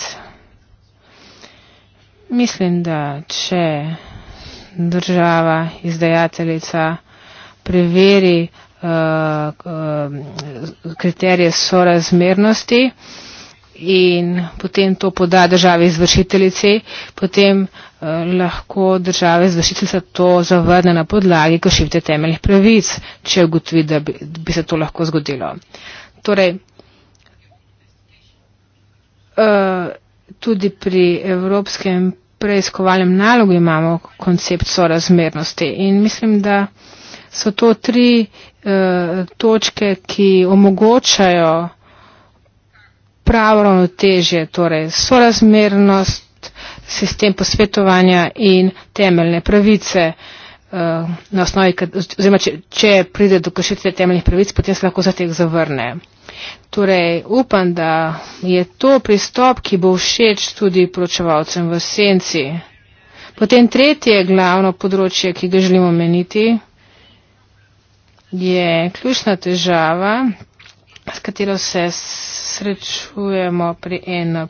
Speaker 4: Mislim, da če država, izdajateljica preveri uh, uh, kriterije sorazmernosti, uh, in potem to poda državi izvršiteljici, potem eh, lahko država izvršiteljica to zavrne na podlagi kršitve temeljnih pravic, če ugotovi, da bi, bi se to lahko zgodilo. Torej, eh, tudi pri evropskem preiskovalnem nalogu imamo koncept sorazmernosti in mislim, da so to tri eh, točke, ki omogočajo, pravo ravnotežje, torej sorazmernost, sistem posvetovanja in temeljne pravice. Uh, osnovi, kad, oziroma, če, če pride do kršitve temeljnih pravic, potem se lahko za teh zavrne. Torej, upam, da je to pristop, ki bo všeč tudi poročevalcem v senci. Potem tretje glavno področje, ki ga želimo meniti, je ključna težava, s katero se srečujemo pri eno.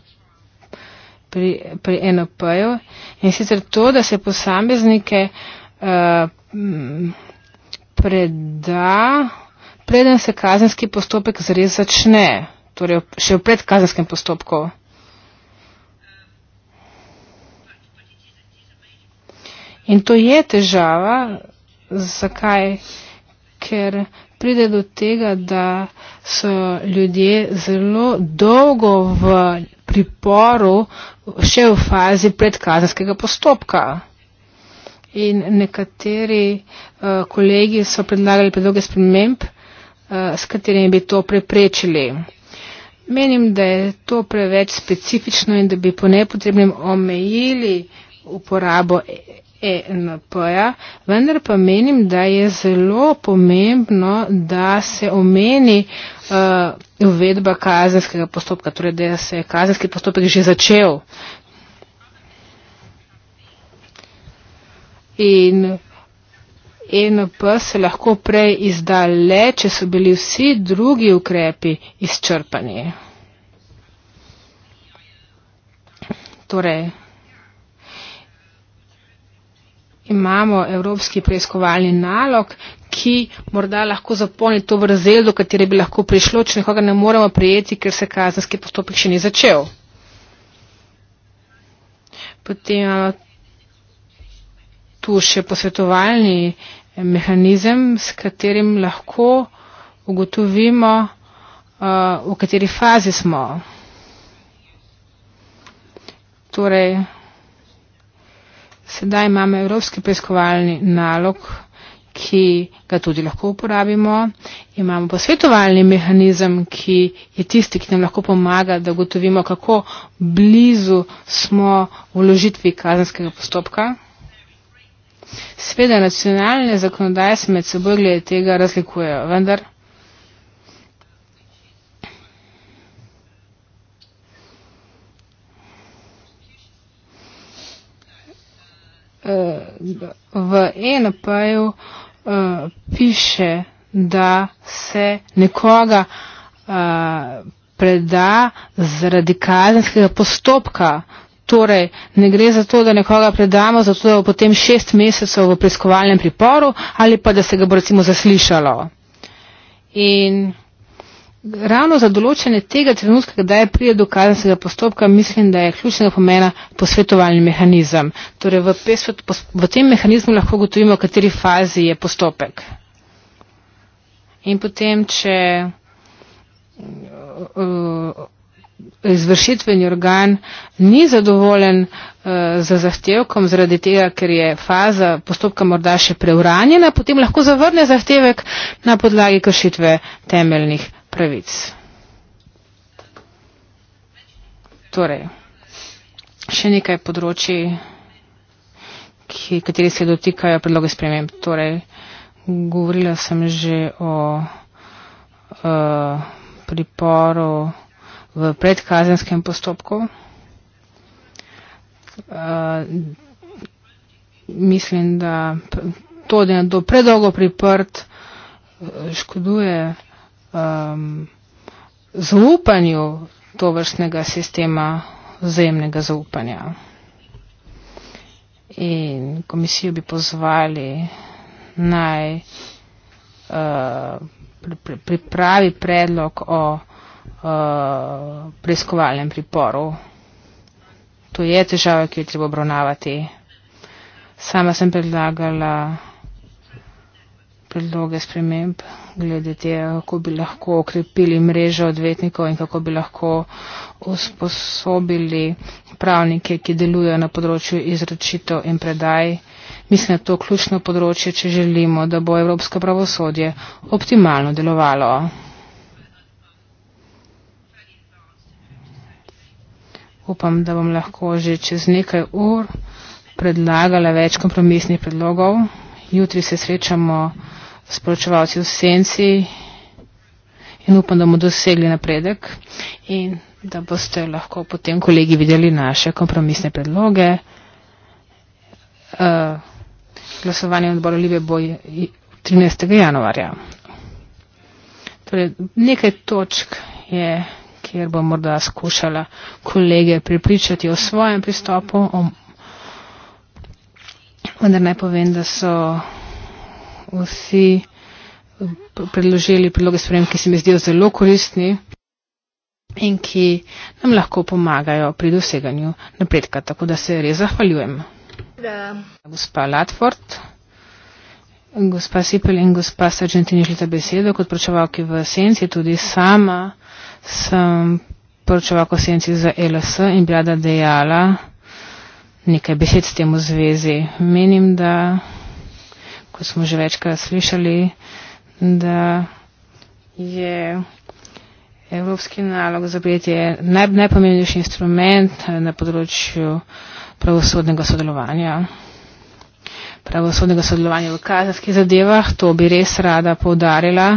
Speaker 4: Pri, pri NOP-ju in sicer to, da se posameznike uh, preda, preden se kazenski postopek zres začne, torej še v predkazenskem postopku. In to je težava, zakaj? Ker pride do tega, da uh, so ljudje zelo dolgo v priporu, še v fazi predkazanskega postopka. In nekateri uh, kolegi so predlagali predloge sprememb, uh, s katerimi bi to preprečili. Menim, da je to preveč specifično in da bi po nepotrebnem omejili uporabo ENP-ja, vendar pa menim, da je zelo pomembno, da se omeni uh, uvedba kazenskega postopka, torej da se je kazenski postopek že začel. In ENP se lahko prej izda le, če so bili vsi drugi ukrepi izčrpani. Torej, imamo evropski preiskovalni nalog, ki morda lahko zapolni to vrzel, do katere bi lahko prišlo, če nekoga ne moremo prijeti, ker se kazenski postopek še ni začel. Potem imamo tu še posvetovalni eh, mehanizem, s katerim lahko ugotovimo, eh, v kateri fazi smo. Torej, Sedaj imamo evropski preiskovalni nalog, ki ga tudi lahko uporabimo. Imamo posvetovalni mehanizem, ki je tisti, ki nam lahko pomaga, da ugotovimo, kako blizu smo vložitvi kazenskega postopka. Sveda nacionalne zakonodaje se med seboj glede tega razlikujejo, vendar Eh, v ENP-ju eh, piše, da se nekoga eh, preda zaradi kazenskega postopka. Torej, ne gre za to, da nekoga predamo, zato da bo potem šest mesecev v preiskovalnem priporu ali pa da se ga bo recimo zaslišalo. In ravno za določanje tega trenutka, kdaj pride do kazenskega postopka, mislim, da je ključnega pomena posvetovalni mehanizem. Torej v, pesvet, v tem mehanizmu lahko gotovimo, v kateri fazi je postopek. In potem, če uh, uh izvršitveni organ ni zadovoljen uh, za zahtevkom zaradi tega, ker je faza postopka morda še preuranjena, potem lahko zavrne zahtevek na podlagi kršitve temeljnih pravic. Torej, še nekaj področji, ki, kateri se dotikajo predloge sprememb. Torej, govorila sem že o uh, priporu v predkazenskem postopku. Uh, mislim, da to, da je kdo predolgo priprt, eh, škoduje um, zaupanju tovrstnega sistema vzajemnega zaupanja. In komisijo bi pozvali naj uh, pripravi predlog o uh, preiskovalnem priporu. To je težava, ki jo treba obravnavati. Sama sem predlagala predloge sprememb glede tega, kako bi lahko okrepili mrežo odvetnikov in kako bi lahko usposobili pravnike, ki delujejo na področju izračitev in predaj. Mislim, da je to ključno področje, če želimo, da bo evropsko pravosodje optimalno delovalo. Upam, da bom lahko že čez nekaj ur predlagala več kompromisnih predlogov. Jutri se srečamo sporočevalci v senci in upam, da bomo dosegli napredek in da boste lahko potem kolegi videli naše kompromisne predloge. Uh, glasovanje odbora Libe bo 13. januarja. Torej, nekaj točk je, kjer bom morda skušala kolege pripričati o svojem pristopu, o, vendar naj povem, da so vsi eh, predložili priloge sprem, ki se mi zdijo zelo koristni in ki nam lahko pomagajo pri doseganju napredka. Tako da se res zahvaljujem. Da. Gospa Latford, gospa Sipel in gospa Sargentini želita besedo kot pročevalki v senci. Tudi sama sem pročevalka v senci za LS in bi rada dejala nekaj besed s tem v zvezi. Menim, da kot smo že večkrat slišali, da je evropski nalog za bitje naj, najpomembnejši instrument eh, na področju pravosodnega sodelovanja. Pravosodnega sodelovanja v kazenskih zadevah, to bi res rada povdarila.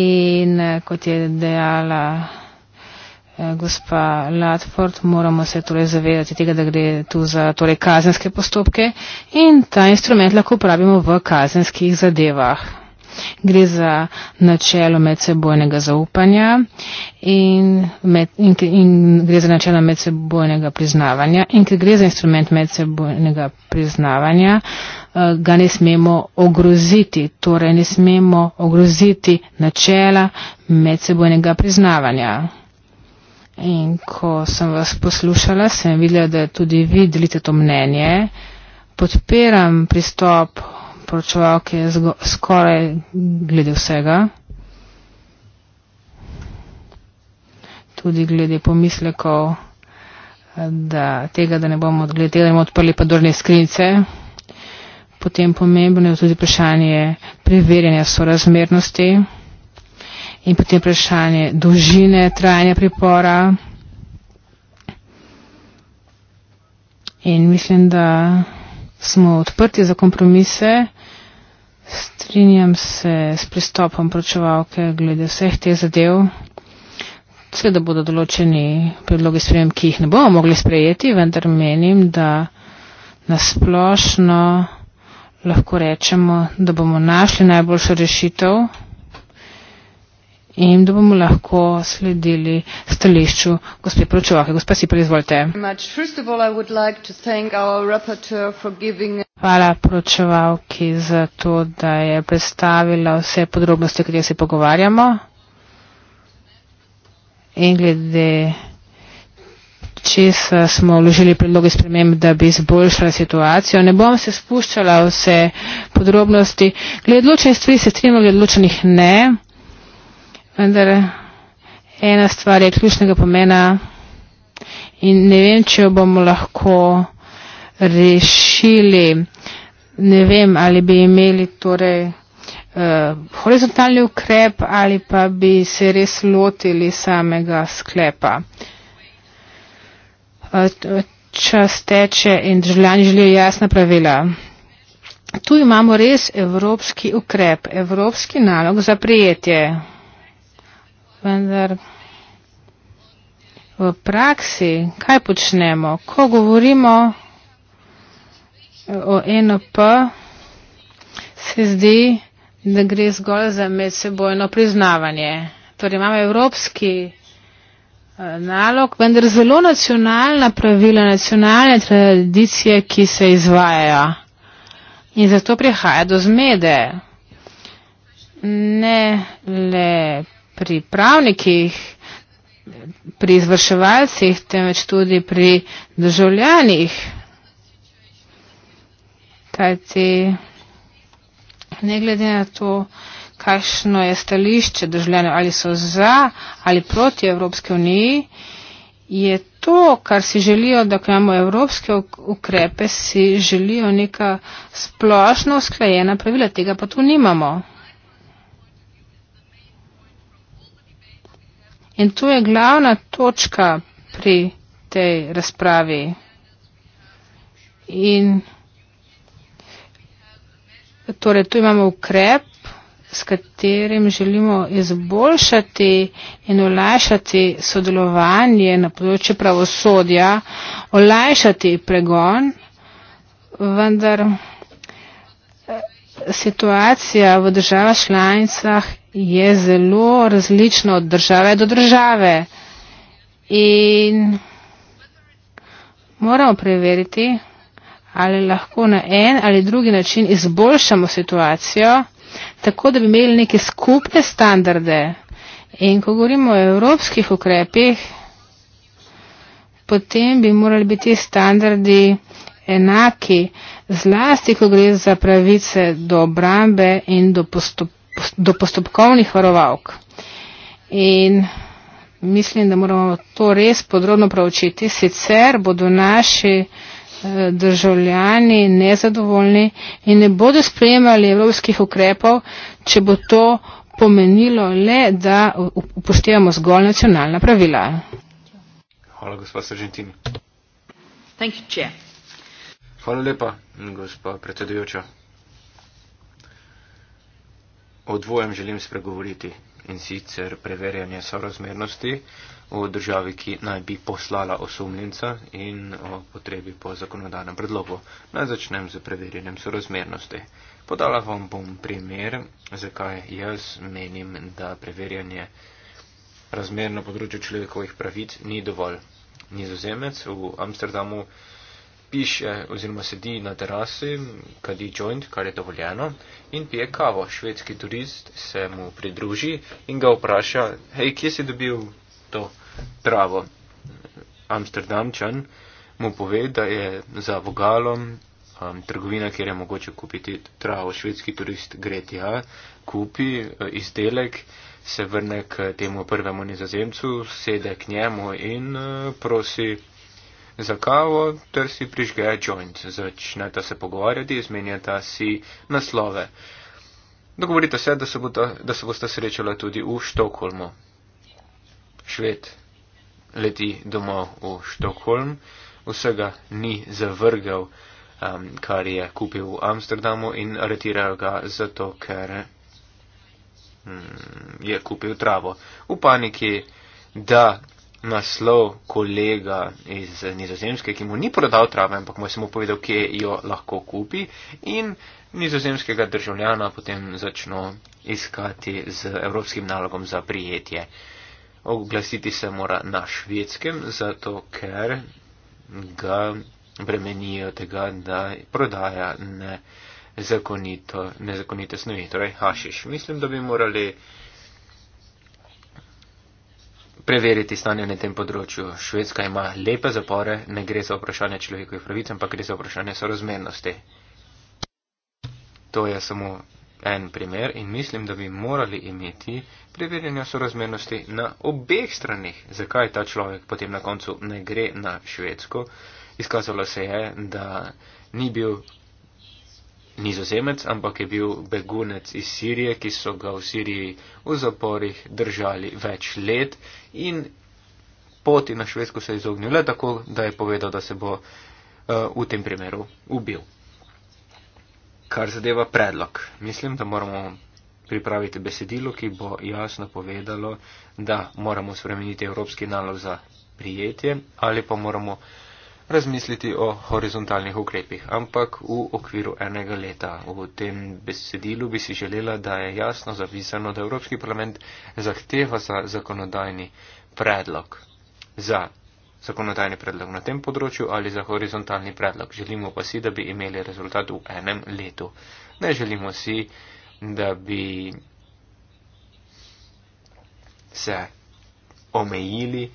Speaker 4: In eh, kot je dejala Eh, gospa Latford, moramo se torej zavedati tega, da gre tu za torej kazenske postopke in ta instrument lahko uporabimo v kazenskih zadevah. Gre za načelo medsebojnega zaupanja in, med, in, in gre za načelo medsebojnega priznavanja in ker gre za instrument medsebojnega priznavanja, eh, ga ne smemo ogroziti, torej ne smemo ogroziti načela medsebojnega priznavanja. In ko sem vas poslušala, sem videla, da tudi vi delite to mnenje. Podpiram pristop poročevalke skoraj glede vsega. Tudi glede pomislekov, da tega, da ne bomo glede tega, da bomo odprli padorne skrinjice. Potem pomembno je tudi vprašanje preverjanja sorazmernosti. In potem vprašanje dolžine trajanja pripora. In mislim, da smo odprti za kompromise. Strinjam se s pristopom pročevalke glede vseh teh zadev. Seveda bodo določeni predlogi sprejem, ki jih ne bomo mogli sprejeti, vendar menim, da nasplošno lahko rečemo, da bomo našli najboljšo rešitev in da bomo lahko sledili stališču gospe Pročovake. Gospa si preizvolite. Hvala Pročovalki za to, da je predstavila vse podrobnosti, o katerih se pogovarjamo. In glede česa smo vložili predloge sprememb, da bi izboljšala situacijo. Ne bom se spuščala vse podrobnosti. Glede odločenih stvari se strinjamo, glede odločenih ne vendar ena stvar je ključnega pomena in ne vem, če jo bomo lahko rešili. Ne vem, ali bi imeli torej uh, horizontalni ukrep ali pa bi se res lotili samega sklepa. Eh, čas teče in državljani želijo jasna pravila. Tu imamo res evropski ukrep, evropski nalog za prijetje vendar v praksi, kaj počnemo, ko govorimo o NOP, se zdi, da gre zgolj za medsebojno priznavanje. Torej imamo evropski eh, nalog, vendar zelo nacionalna pravila, nacionalne tradicije, ki se izvajajo. In zato prihaja do zmede. Ne le pri pravnikih, pri izvrševalcih, temveč tudi pri državljanih. Kajti ne glede na to, kakšno je stališče državljanov, ali so za ali proti Evropske unije, je to, kar si želijo, da imamo evropske ukrepe, si želijo neka splošno usklajena pravila, tega pa tu nimamo. In tu je glavna točka pri tej razpravi. In torej tu imamo ukrep, s katerim želimo izboljšati in olajšati sodelovanje na področju pravosodja, olajšati pregon, vendar eh, situacija v državah članicah je zelo različno od države do države. In moramo preveriti, ali lahko na en ali drugi način izboljšamo situacijo, tako da bi imeli neke skupne standarde. In ko govorimo o evropskih ukrepih, potem bi morali biti standardi enaki, zlasti, ko gre za pravice do obrambe in do postopkov do postopkovnih varovalk. In mislim, da moramo to res podrobno pravočiti, sicer bodo naši eh, državljani nezadovoljni in ne bodo sprejemali evropskih ukrepov, če bo to pomenilo le, da upoštevamo zgolj nacionalna pravila.
Speaker 5: Hvala, gospod Sržentini. Hvala lepa, gospod predsedujoča o dvojem želim spregovoriti in sicer preverjanje sorazmernosti v državi, ki naj bi poslala osumljenca in o potrebi po zakonodajnem predlogu. Naj začnem z preverjanjem sorazmernosti. Podala vam bom primer, zakaj jaz menim, da preverjanje razmerno področju človekovih pravic ni dovolj. Nizozemec v Amsterdamu piše oziroma sedi na terasi, kadi joint, kar je dovoljeno, in pije kavo. Švedski turist se mu pridruži in ga vpraša, hej, kje si dobil to travo? Amsterdamčan mu pove, da je za vogalom um, trgovina, kjer je mogoče kupiti travo. Švedski turist gre tja, kupi uh, izdelek, se vrne k temu prvemu nizozemcu, sede k njemu in uh, prosi, za kavo, ter si prižge joint. Začneta se pogovarjati, izmenjata si naslove. Dogovorite se, da se, bota, da se bosta srečala tudi v Štokholmu. Šved leti domov v Štokholm, vsega ni zavrgal, um, kar je kupil v Amsterdamu in aretirajo ga zato, ker um, je kupil travo. V paniki, da naslov kolega iz nizozemske, ki mu ni prodal trave, ampak mu je samo povedal, kje jo lahko kupi in nizozemskega državljana potem začno iskati z evropskim nalogom za prijetje. Oglasiti se mora na švedskem, zato ker ga bremenijo tega, da prodaja nezakonito, nezakonite snovi, torej hašiš. Mislim, da bi morali preveriti stanje na tem področju. Švedska ima lepe zapore, ne gre za vprašanje človekovih pravic, ampak gre za vprašanje sorozmernosti. To je samo en primer in mislim, da bi morali imeti preverjanje sorozmernosti na obeh stranih. Zakaj ta človek potem na koncu ne gre na Švedsko? Izkazalo se je, da ni bil nizozemec, ampak je bil begunec iz Sirije, ki so ga v Siriji v zaporih držali več let in poti na Švedsko se je izognil le tako, da je povedal, da se bo uh, v tem primeru ubil. Kar zadeva predlog. Mislim, da moramo pripraviti besedilo, ki bo jasno povedalo, da moramo spremeniti evropski nalog za prijetje ali pa moramo razmisliti o horizontalnih ukrepih, ampak v okviru enega leta. V tem besedilu bi si želela, da je jasno zapisano, da Evropski parlament zahteva za zakonodajni predlog. Za zakonodajni predlog na tem področju ali za horizontalni predlog. Želimo pa si, da bi imeli rezultat v enem letu. Ne želimo si, da bi se omejili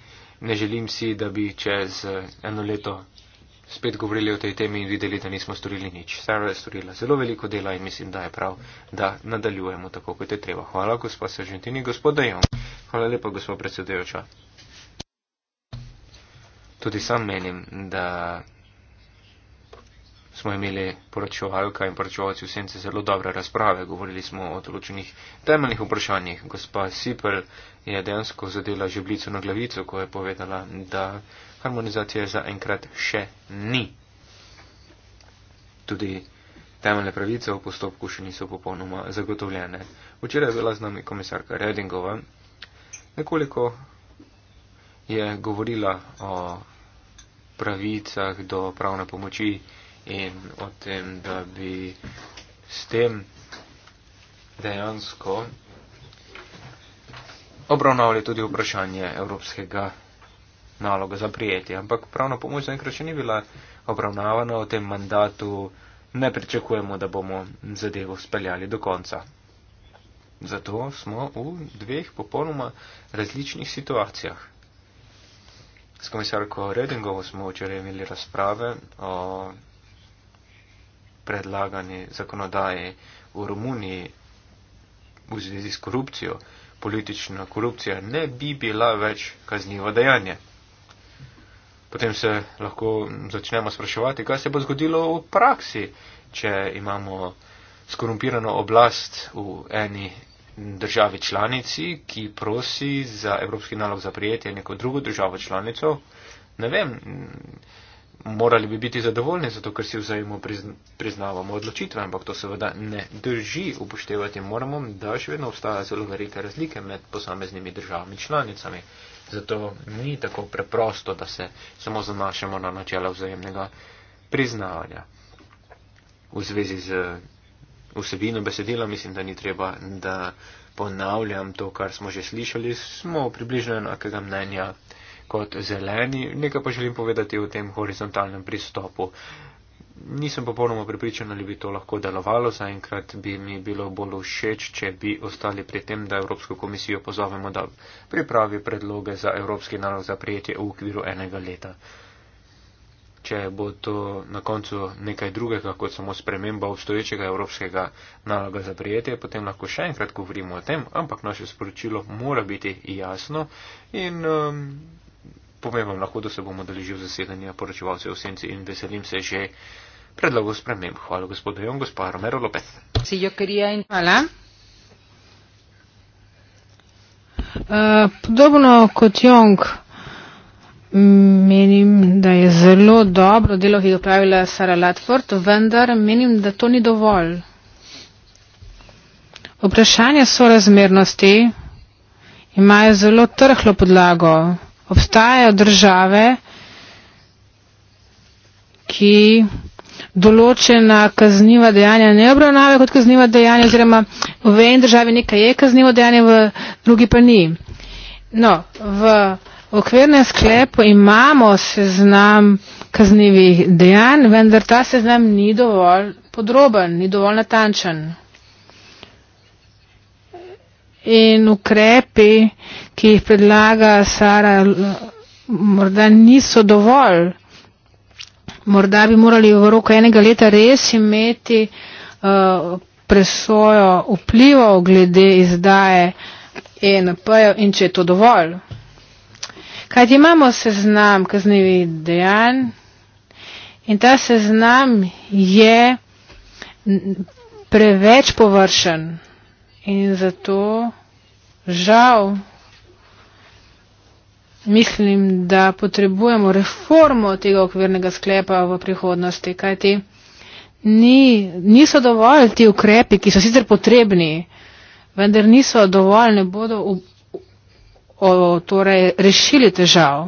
Speaker 5: ne želim si, da bi čez eno leto spet govorili o tej temi in videli, da nismo storili nič. Sara je storila zelo veliko dela in mislim, da je prav, da nadaljujemo tako, kot je treba. Hvala, gospod Sažentini, gospod Dejom. Hvala lepa, gospod predsedujoča. Tudi sam menim, da smo imeli poročevalka in poročevalci v Sence zelo dobre razprave, govorili smo o določenih temeljnih vprašanjih. Gospa Sipel je dejansko zadela žeblico na glavico, ko je povedala, da harmonizacije zaenkrat še ni. Tudi temeljne pravice v postopku še niso popolnoma zagotovljene. Včeraj je bila z nami komisarka Redingova, nekoliko je govorila o pravicah do pravne pomoči, in o tem, da bi s tem dejansko obravnavali tudi vprašanje evropskega naloga za prijetje. Ampak pravna pomoč zaenkrat še ni bila obravnavana v tem mandatu, ne pričakujemo, da bomo zadevo speljali do konca. Zato smo v dveh popolnoma različnih situacijah. S komisarko Redingovo smo včeraj imeli razprave o predlagani zakonodaji v Romuniji v zvezi s korupcijo, politična korupcija ne bi bila več kaznivo dejanje. Potem se lahko začnemo spraševati, kaj se bo zgodilo v praksi, če imamo skorumpirano oblast v eni državi članici, ki prosi za evropski nalog za prijetje neko drugo državo članico. Ne vem, morali bi biti zadovoljni, zato ker si vzajemno priznavamo odločitve, ampak to seveda ne drži upoštevati. Moramo, da še vedno obstaja zelo velike razlike med posameznimi državami članicami. Zato ni tako preprosto, da se samo zanašamo na načela vzajemnega priznavanja. V zvezi z vsebino besedila mislim, da ni treba, da ponavljam to, kar smo že slišali, smo približno enakega mnenja kot zeleni, nekaj pa želim povedati o tem horizontalnem pristopu. Nisem popolnoma pripričan, ali bi to lahko delovalo, zaenkrat bi mi bilo bolj všeč, če bi ostali pri tem, da Evropsko komisijo pozovemo, da pripravi predloge za Evropski narod za prijetje v okviru enega leta. Če bo to na koncu nekaj drugega kot samo sprememba obstoječega evropskega naloga za prijetje, potem lahko še enkrat govorimo o tem, ampak naše sporočilo mora biti jasno in um, pomembno lahko, da se bomo deležili zasedanja poročevalcev v senci in veselim se že predlogu sprememb. Hvala gospodu Jon, gospod Romero Lopez.
Speaker 4: Hvala. Uh, podobno kot Jong, menim, da je zelo dobro delo, ki je opravila Sara Latford, vendar menim, da to ni dovolj. Vprašanje so razmernosti, imajo zelo trhlo podlago obstajajo države, ki določena kazniva dejanja ne obravnavajo kot kazniva dejanja, oziroma v eni državi nekaj je kaznivo dejanje, v drugi pa ni. No, v okvirnem sklepu imamo seznam kaznivih dejanj, vendar ta seznam ni dovolj podroben, ni dovolj natančen in ukrepi, ki jih predlaga Sara, morda niso dovolj. Morda bi morali v roku enega leta res imeti uh, presojo vplivov glede izdaje ENP-jev in če je to dovolj. Kaj imamo seznam kaznevih dejanj in ta seznam je preveč površen in zato žal mislim, da potrebujemo reformo tega okvirnega sklepa v prihodnosti, kajti ni, niso dovolj ti ukrepi, ki so sicer potrebni, vendar niso dovolj, ne bodo v, o, torej rešili težav.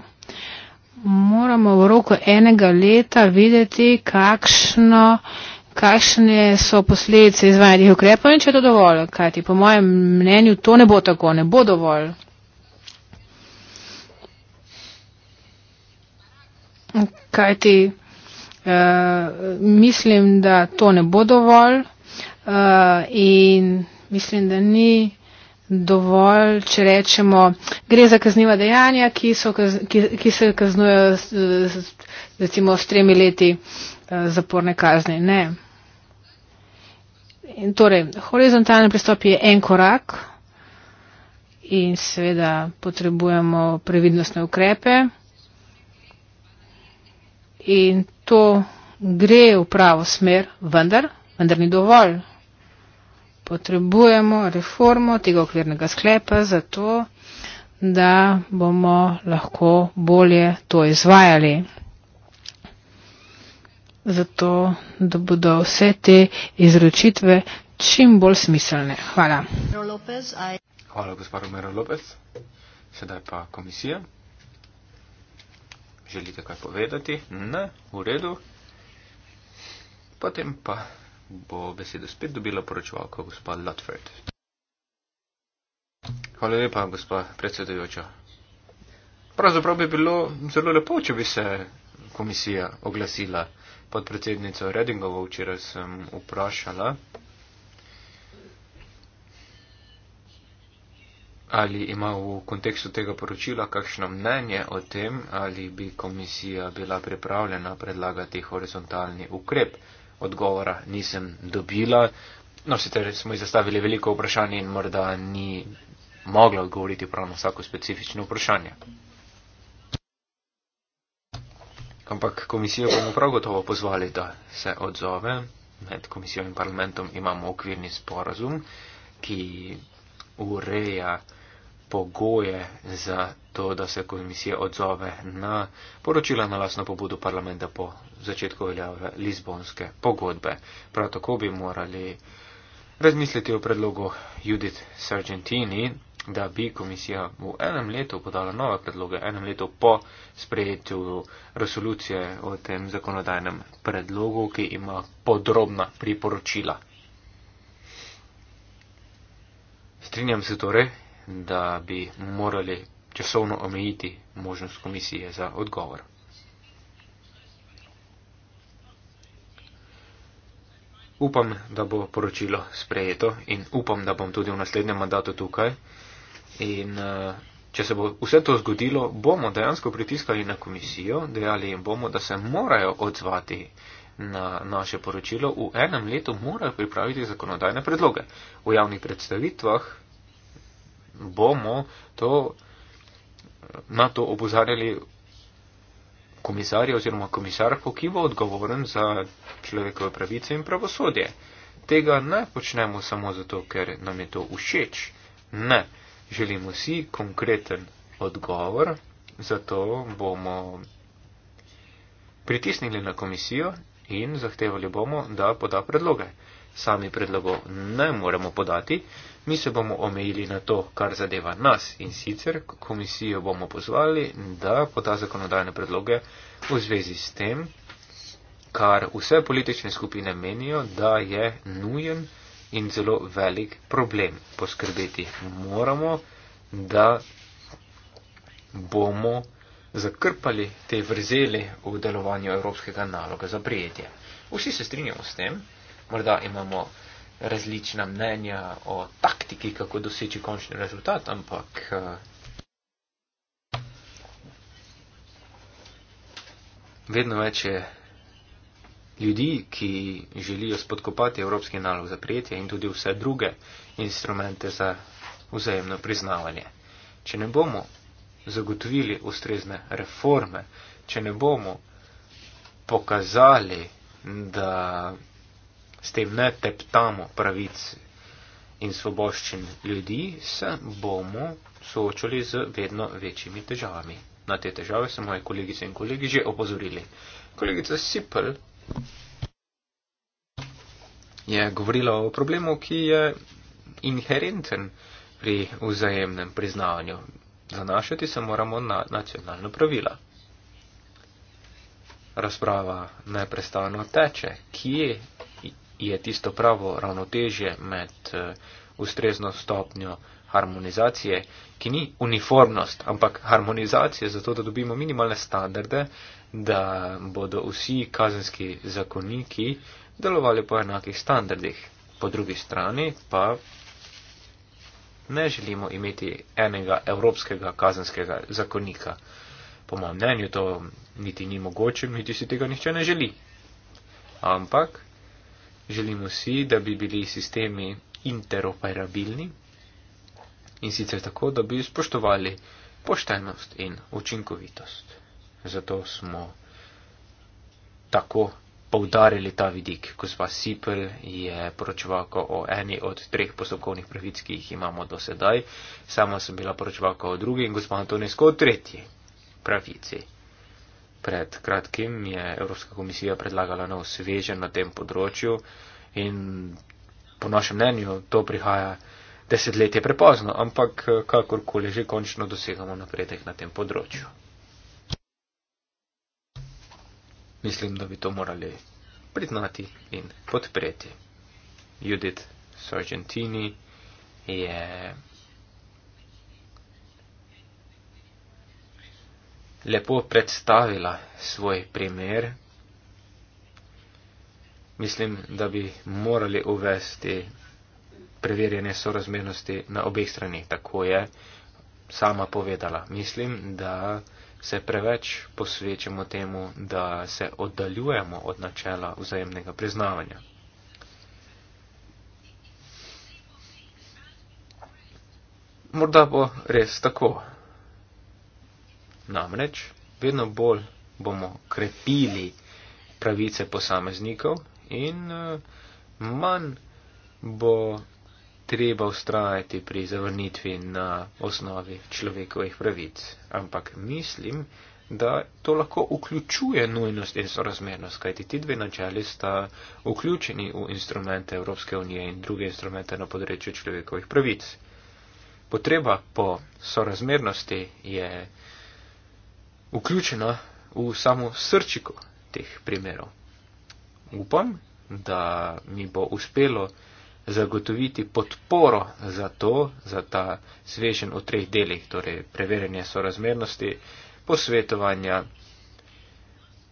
Speaker 4: Moramo v roku enega leta videti, kakšno kakšne so posledice izvajanih ukrepov in če je to dovolj, kajti po mojem mnenju to ne bo tako, ne bo dovolj. Kajti uh, mislim, da to ne bo dovolj uh, in mislim, da ni dovolj, če rečemo, gre za kaznjiva dejanja, ki, so, ki, ki se kaznujejo recimo s tremi leti eh, zaporne kazni. Ne. In torej, horizontalni pristop je en korak in seveda potrebujemo previdnostne ukrepe. In to gre v pravo smer, vendar, vendar ni dovolj. Potrebujemo reformo tega okvirnega sklepa zato, da bomo lahko bolje to izvajali zato, da bodo vse te izročitve čim bolj smiselne. Hvala.
Speaker 3: Hvala, gospod Romero
Speaker 5: Lopez. Sedaj pa komisija. Želite kaj povedati? Ne, v redu. Potem pa bo besedo spet dobila poročevalka gospa Lutford. Hvala lepa, gospa predsedujoča. Pravzaprav bi bilo zelo lepo, če bi se komisija oglasila podpredsednico Redingovo včeraj sem vprašala, ali ima v kontekstu tega poročila kakšno mnenje o tem, ali bi komisija bila pripravljena predlagati horizontalni ukrep. Odgovora nisem dobila. No, sicer smo ji zastavili veliko vprašanj in morda ni mogla odgovoriti prav na vsako specifično vprašanje. Ampak komisijo bomo prav gotovo pozvali, da se odzove. Med komisijo in parlamentom imamo okvirni sporazum, ki ureja pogoje za to, da se komisija odzove na poročila na lasno pobudo parlamenta po začetku veljave Lizbonske pogodbe. Prav tako bi morali razmisliti o predlogu Judith Sargentini, da bi komisija v enem letu podala nove predloge, enem letu po sprejetju resolucije o tem zakonodajnem predlogu, ki ima podrobna priporočila. Strinjam se torej, da bi morali časovno omejiti možnost komisije za odgovor. Upam, da bo poročilo sprejeto in upam, da bom tudi v naslednjem mandatu tukaj. In eh, če se bo vse to zgodilo, bomo dejansko pritiskali na komisijo, dejali jim bomo, da se morajo odzvati na naše poročilo. V enem letu morajo pripraviti zakonodajne predloge. V javnih predstavitvah bomo to, na to opozarjali komisarja oziroma komisarko, ki bo odgovoren za človekove pravice in pravosodje. Tega ne počnemo samo zato, ker nam je to všeč. Ne želimo si konkreten odgovor, zato bomo pritisnili na komisijo in zahtevali bomo, da poda predloge. Sami predlogov ne moremo podati, mi se bomo omejili na to, kar zadeva nas in sicer komisijo bomo pozvali, da poda zakonodajne predloge v zvezi s tem, kar vse politične skupine menijo, da je nujen, in zelo velik problem. Poskrbeti moramo, da bomo zakrpali te vrzeli v delovanju evropskega naloga za prijetje. Vsi se strinjamo s tem, morda imamo različna mnenja o taktiki, kako doseči končni rezultat, ampak. Eh, vedno več je ljudi, ki želijo spodkopati evropski nalog za prijetje in tudi vse druge instrumente za vzajemno priznavanje. Če ne bomo zagotovili ustrezne reforme, če ne bomo pokazali, da s tem ne teptamo pravic in svoboščin ljudi, se bomo soočali z vedno večjimi težavami. Na te težave so moje kolegice in kolegi že opozorili. Kolegica Sipel je govorila o problemu, ki je inherenten pri vzajemnem priznavanju. Zanašati se moramo na nacionalno pravila. Razprava neprestano teče, kje je tisto pravo ravnotežje med eh, ustrezno stopnjo harmonizacije, ki ni uniformnost, ampak harmonizacija zato, da dobimo minimalne standarde, da bodo vsi kazenski zakoniki delovali po enakih standardih. Po drugi strani pa ne želimo imeti enega evropskega kazenskega zakonika. Po mojem mnenju to niti ni mogoče, niti si tega nihče ne želi. Ampak želimo si, da bi bili sistemi interoperabilni in sicer tako, da bi spoštovali poštenost in učinkovitost zato smo tako poudarili ta vidik. Gospa Sipel je poročevalka o eni od treh postopkovnih pravic, ki jih imamo do sedaj. Sama sem bila poročevalka o drugi in gospa Antonesko o tretji pravici. Pred kratkim je Evropska komisija predlagala nov sveže na tem področju in po našem mnenju to prihaja desetletje prepozno, ampak kakorkoli že končno dosegamo napredek na tem področju. Mislim, da bi to morali priznati in podpreti. Judith Sargentini je lepo predstavila svoj primer. Mislim, da bi morali uvesti preverjanje sorazmernosti na obeh stranih. Tako je sama povedala. Mislim, da se preveč posvečamo temu, da se oddaljujemo od načela vzajemnega priznavanja. Morda bo res tako. Namreč, vedno bolj bomo krepili pravice posameznikov in eh, manj bo treba ustrajati pri zavrnitvi na osnovi človekovih pravic, ampak mislim, da to lahko vključuje nujnost in sorazmernost, kajti ti dve načeli sta vključeni v instrumente Evropske unije in druge instrumente na področju človekovih pravic. Potreba po sorazmernosti je vključena v samo srčiko teh primerov. Upam, da mi bo uspelo zagotoviti podporo za to, za ta svežen v treh delih, torej preverjanje sorazmernosti, posvetovanja,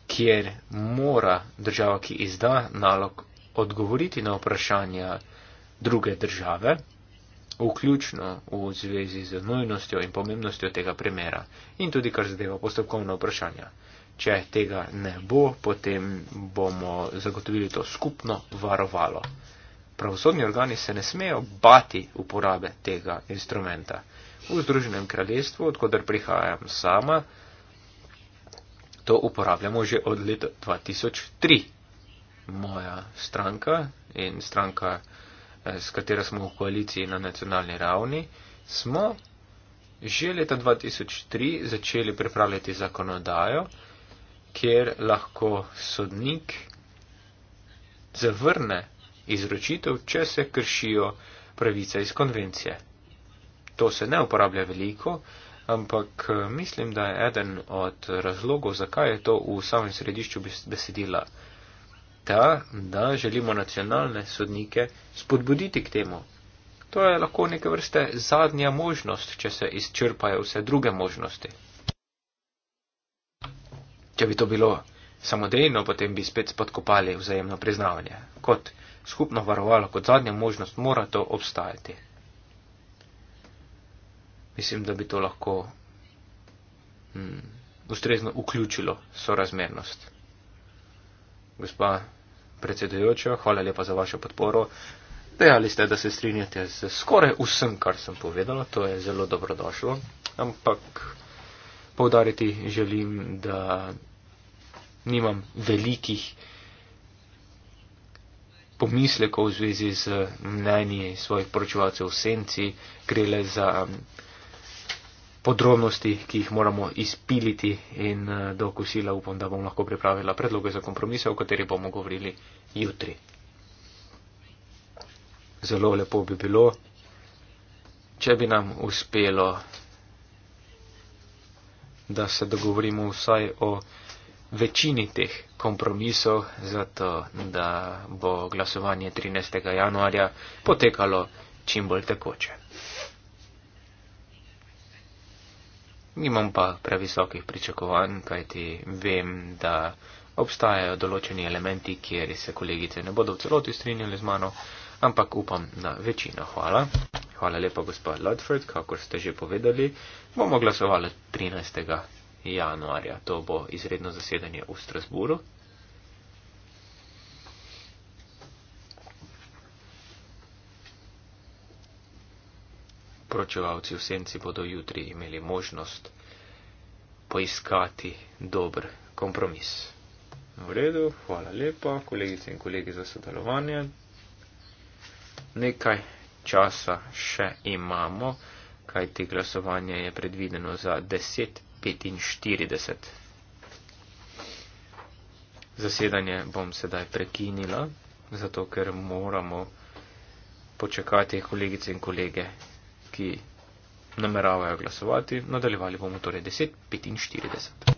Speaker 5: kjer mora država, ki izda nalog, odgovoriti na vprašanja druge države, vključno v zvezi z nujnostjo in pomembnostjo tega primera in tudi kar zadeva postopkovno vprašanje. Če tega ne bo, potem bomo zagotovili to skupno varovalo pravosodni organi se ne smejo bati uporabe tega instrumenta. V Združenem kraljestvu, odkudar prihajam sama, to uporabljamo že od leta 2003. Moja stranka in stranka, eh, s katero smo v koaliciji na nacionalni ravni, smo že leta 2003 začeli pripravljati zakonodajo, kjer lahko sodnik zavrne izročitev, če se kršijo pravice iz konvencije. To se ne uporablja veliko, ampak eh, mislim, da je eden od razlogov, zakaj je to v samem središču besedila, ta, da želimo nacionalne sodnike spodbuditi k temu. To je lahko neke vrste zadnja možnost, če se izčrpajo vse druge možnosti. Če bi to bilo samodejno, potem bi spet spodkopali vzajemno priznavanje, kot skupno varovalo kot zadnja možnost, mora to obstajati. Mislim, da bi to lahko hm, ustrezno vključilo sorazmernost. Gospa predsedujoča, hvala lepa za vašo podporo. Dejali ste, da se strinjate z skoraj vsem, kar sem povedala, to je zelo dobrodošlo, ampak poudariti želim, da nimam velikih pomislekov v zvezi z mnenji svojih poročevalcev v senci, gre le za um, podrobnosti, ki jih moramo izpiliti in uh, do kosila upam, da bom lahko pripravila predloge za kompromise, o kateri bomo govorili jutri. Zelo lepo bi bilo, če bi nam uspelo, da se dogovorimo vsaj o večini teh kompromisov, zato da bo glasovanje 13. januarja potekalo čim bolj tekoče. Nimam pa previsokih pričakovanj, kajti vem, da obstajajo določeni elementi, kjer se kolegice ne bodo v celoti strinjali z mano, ampak upam na večino. Hvala. Hvala lepa, gospod Ludford, kakor ste že povedali, bomo glasovali 13 januarja. To bo izredno zasedanje v Strasburu. Pročevalci v senci bodo jutri imeli možnost poiskati dober kompromis. V redu, hvala lepa, kolegice in kolegi, za sodelovanje. Nekaj časa še imamo, kajti glasovanje je predvideno za 10 minut. 45. Zasedanje bom sedaj prekinila, zato ker moramo počakati kolegice in kolege, ki nameravajo glasovati. Nadaljevali bomo torej 10.45.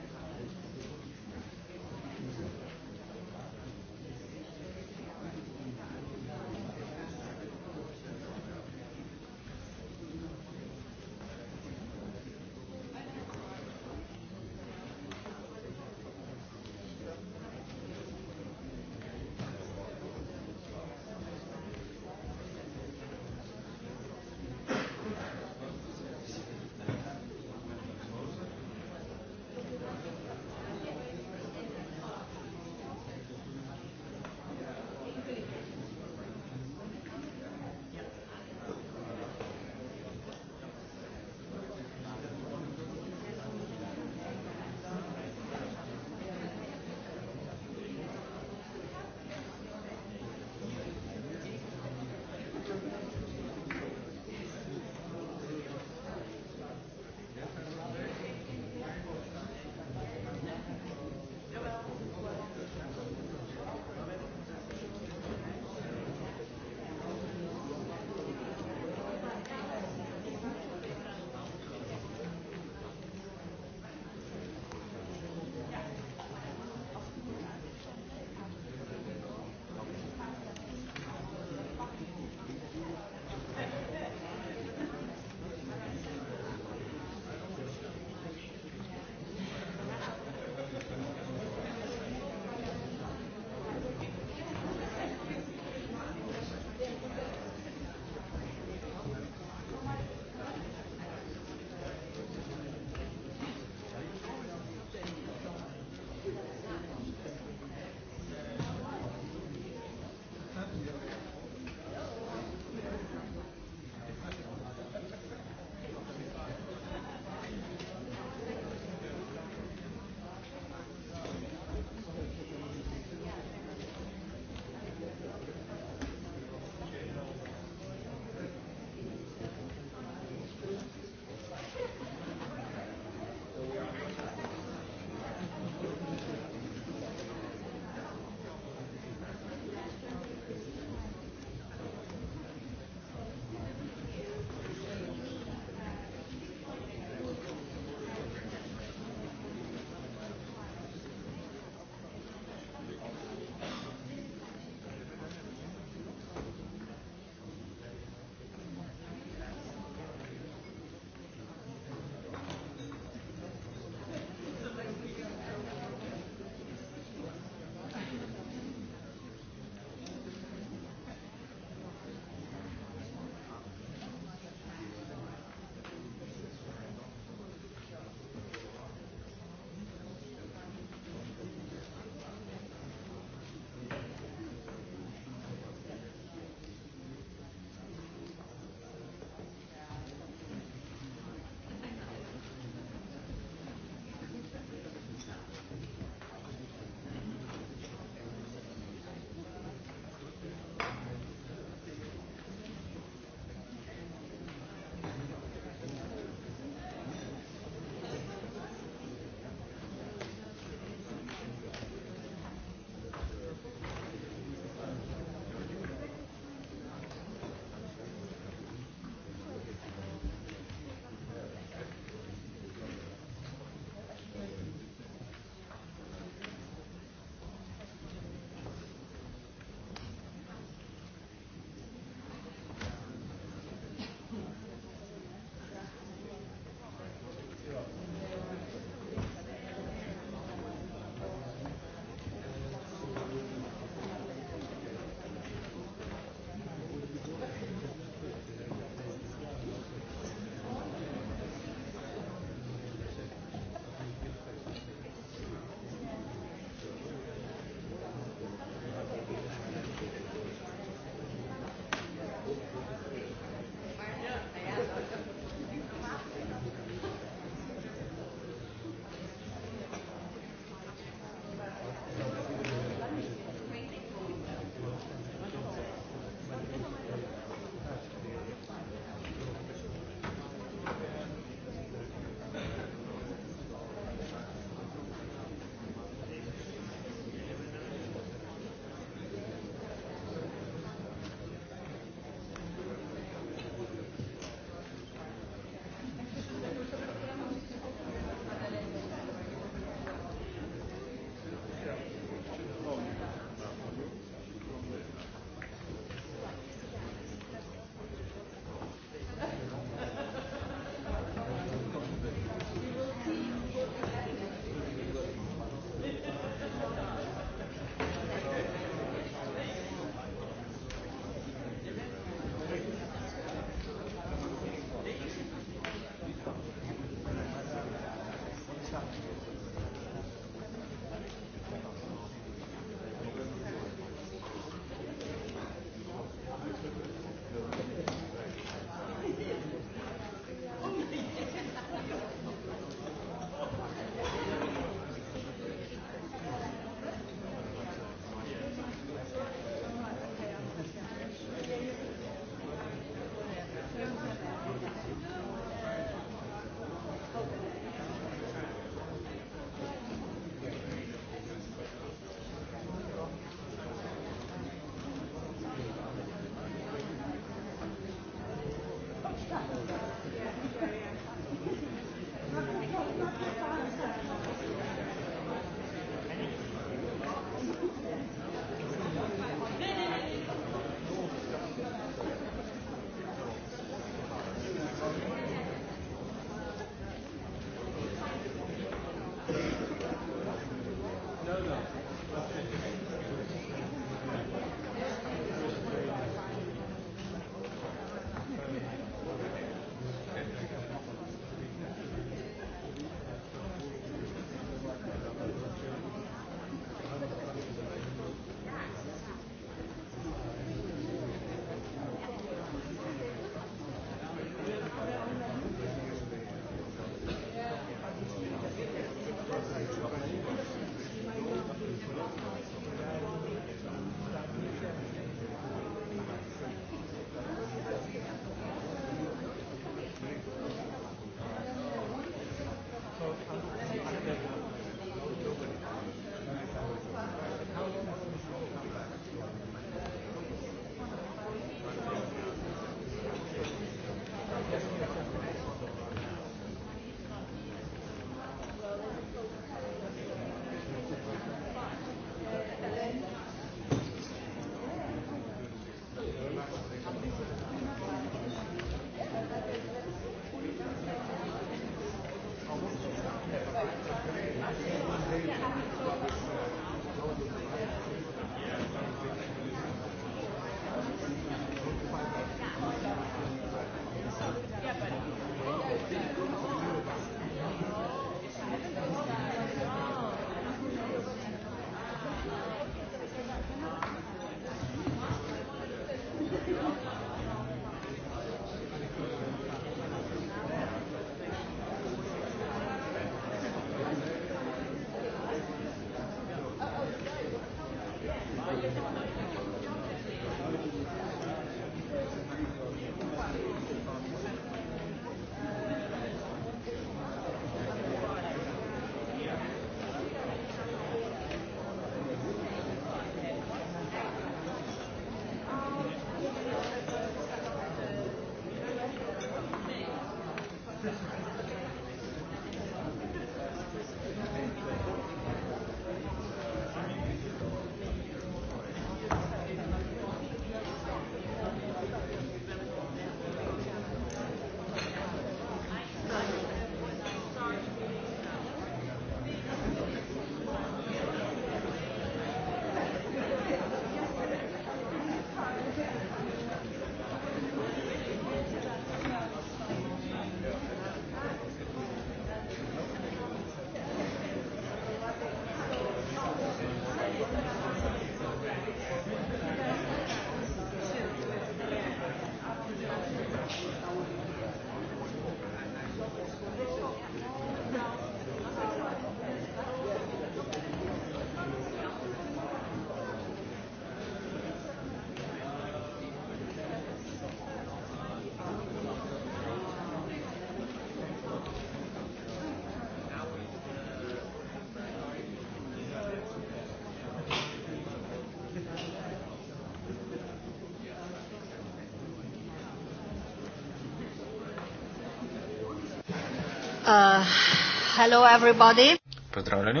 Speaker 3: Hello everybody.
Speaker 5: Pozdravljeni.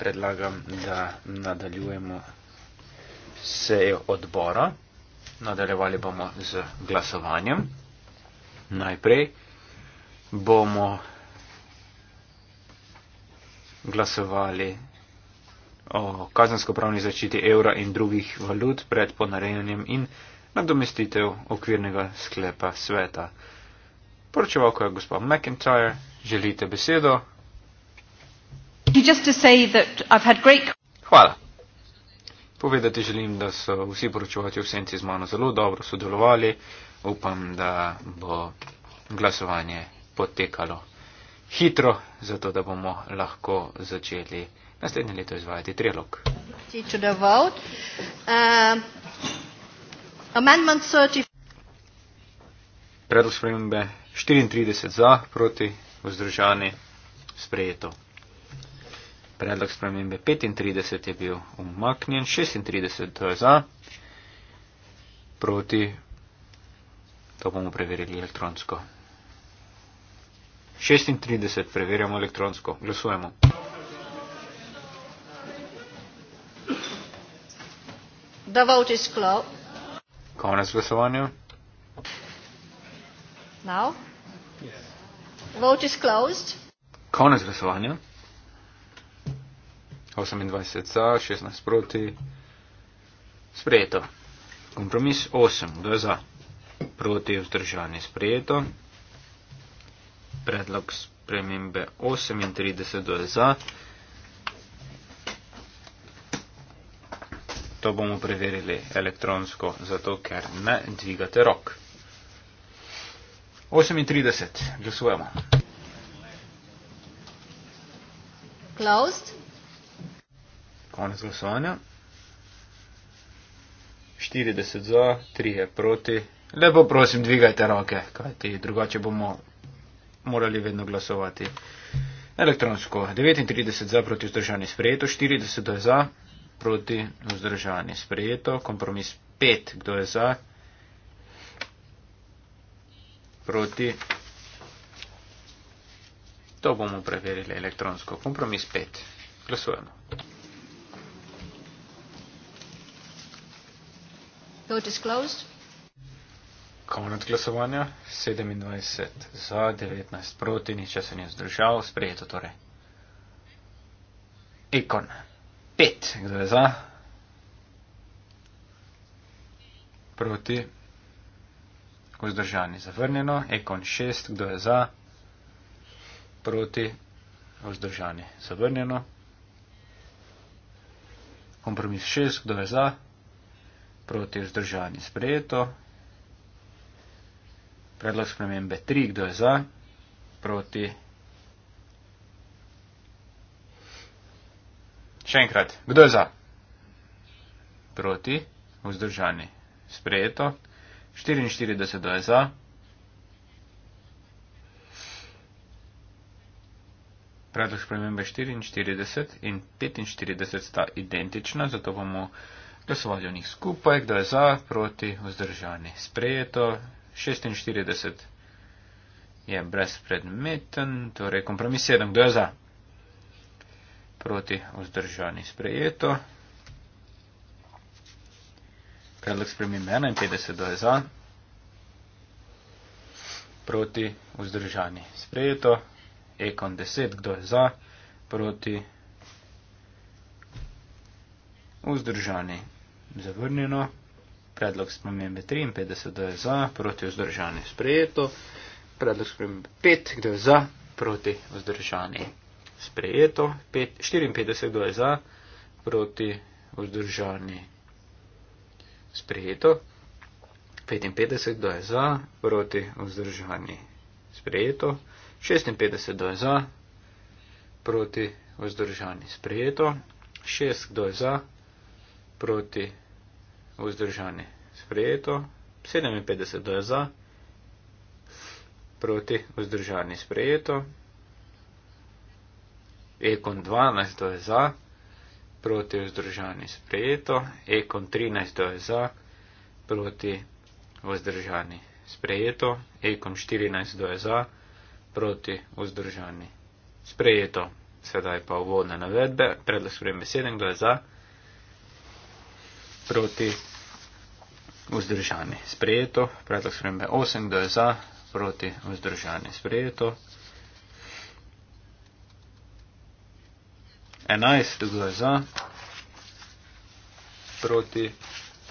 Speaker 5: Predlagam, da nadaljujemo sejo odbora. Nadaljevali bomo z glasovanjem. Najprej bomo glasovali o kazensko-pravni zaščiti evra in drugih valut pred ponarejanjem in nadomestitev okvirnega sklepa sveta. Poročevalko je gospod McIntyre. Želite besedo? Hvala. Povedati želim, da so vsi poročevalci v senci z mano zelo dobro sodelovali. Upam, da bo glasovanje potekalo hitro, zato da bomo lahko začeli naslednje leto izvajati trilog. Uh, Predlog spremembe 34 za, proti vzdržani sprejeto. Predlog spremembe 35 je bil umaknjen, 36 to je za, proti, to bomo preverili elektronsko. 36 preverjamo elektronsko, glasujemo.
Speaker 3: The vote is closed.
Speaker 5: Konec glasovanja.
Speaker 3: Now? Yes. Vote is closed.
Speaker 5: Konec glasovanja. 28 za, 16 proti. Sprejeto. Kompromis 8. Kdo je za? Proti vzdržanje. Sprejeto. Predlog spremembe 38. Kdo je za? To bomo preverili elektronsko, zato ker ne dvigate rok. 38. Glasujemo. Closed. Konec glasovanja. 40 za, 3 je proti. Lepo prosim, dvigajte roke, kajti drugače bomo morali vedno glasovati elektronsko. 39 za, proti vzdržani sprejeto, 40 je za, proti vzdržani sprejeto, kompromis 5, kdo je za, proti. To bomo preverili elektronsko. Kompromis 5. Glasujemo. Konec glasovanja 27 za 19 proti, nič se ni zdržal, sprejeto torej. Ikon 5, kdo je za? Proti lahko zdržani. Zavrnjeno, ekon 6, kdo je za, proti, vzdržani. Zavrnjeno, kompromis 6, kdo je za, proti, vzdržani. Sprejeto, predlog spremembe 3, kdo je za, proti. Še enkrat, kdo je za? Proti, vzdržani. Sprejeto. 44 USA. Predlog spremembe 44 in 45 sta identična, zato bomo glasovali o njih skupaj, kdo je za, proti, vzdržani. Sprejeto 46 je brezpredmeten, torej kompromis 7, kdo je za, proti, vzdržani. Sprejeto Predlog spremembe 51 do je za, proti vzdržani. Sprejeto, ekon 10, kdo je za, proti vzdržani. Zavrnjeno, predlog spremembe 53 do je za, proti vzdržani. Sprejeto, predlog spremembe 5, kdo je za, proti vzdržani. Sprejeto, 54 kdo je za, proti vzdržani sprejeto, 55 do je za, proti vzdržani sprejeto, 56 do je za, proti vzdržani sprejeto, 6 do je za, proti vzdržani sprejeto, 57 do je za, proti vzdržani sprejeto, ekon 12 do je za, proti vzdržani sprejeto, ekon 13 je za, proti vzdržani sprejeto, ekon 14 je za, proti vzdržani sprejeto. Sedaj pa uvodne navedbe, predlog sprejem besede, kdo je za, proti vzdržani sprejeto, predlog sprejem 8, kdo je za, proti vzdržani sprejeto. 11 glas za, proti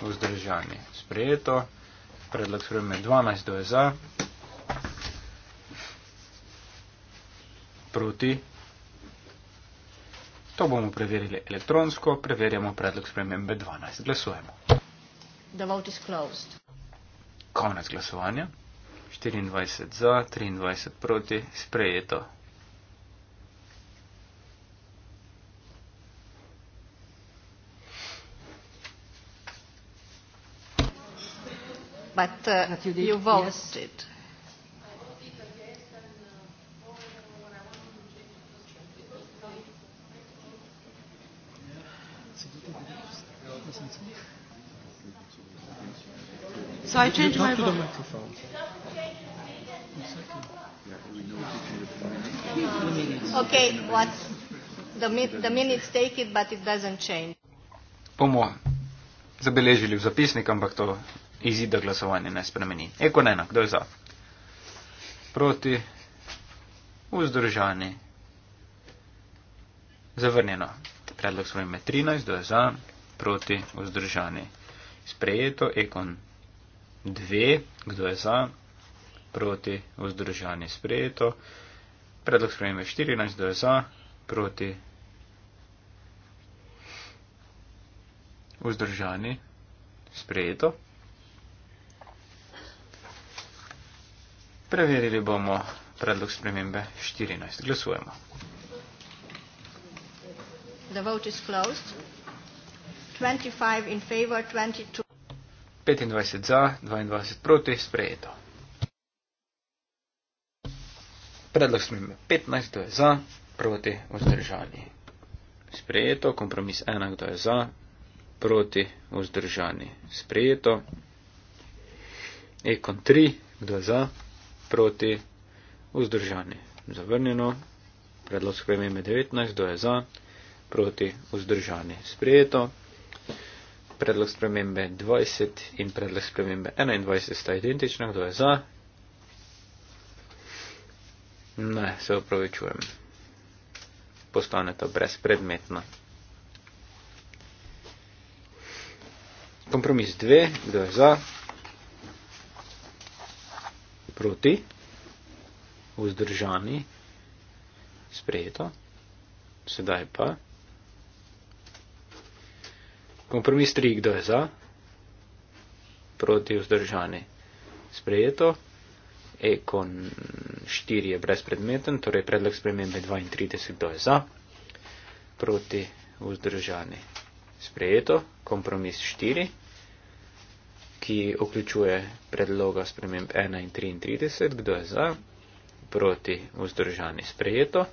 Speaker 5: vzdržani. Sprejeto, predlog sprejme 12 glas za, proti. To bomo preverili elektronsko, preverjamo predlog spremembe 12. Glasujemo.
Speaker 3: The vote is closed.
Speaker 5: Konec glasovanja. 24 za, 23 proti, sprejeto.
Speaker 3: but uh, that you, did. you voted. Yes.
Speaker 2: So I changed my vote. Okay, what
Speaker 3: the, the minutes take it, but it doesn't change.
Speaker 5: Pomo, zabeležili v zapisnik, ampak to izida glasovanja ne spremeni. Eko ne enak, kdo je za? Proti, vzdržani, zavrnjeno. Predlog svoj ime 13, kdo je za, proti, vzdržani. Sprejeto, ekon 2, kdo je za, proti, vzdržani. Sprejeto, predlog svoj ime 14, kdo je za, proti, vzdržani. Sprejeto. Preverili bomo predlog spremembe 14. Glasujemo.
Speaker 3: The vote is closed. 25 in favor, 22.
Speaker 5: 25 za, 22 proti, sprejeto. Predlog spremembe 15, kdo je za, proti, vzdržani. Sprejeto, kompromis 1, kdo je za, proti, vzdržani. Sprejeto. Ekon 3, kdo je za, proti, vzdržani, zavrnjeno, predlog sprejme ime 19, kdo je za, proti, vzdržani, sprejeto. Predlog spremembe 20 in predlog spremembe 21 sta identična, kdo je za? Ne, se upravičujem. Postane to brezpredmetno. Kompromis 2, kdo je za? proti, vzdržani, sprejeto, sedaj pa. Kompromis 3, kdo je za, proti, vzdržani, sprejeto, ekon 4 je brezpredmeten, torej predlog spremembe 32, kdo je za, proti, vzdržani, sprejeto, kompromis 4 ki vključuje predloga sprememb 1 in 33, kdo je za, proti, vzdržani, sprejeto.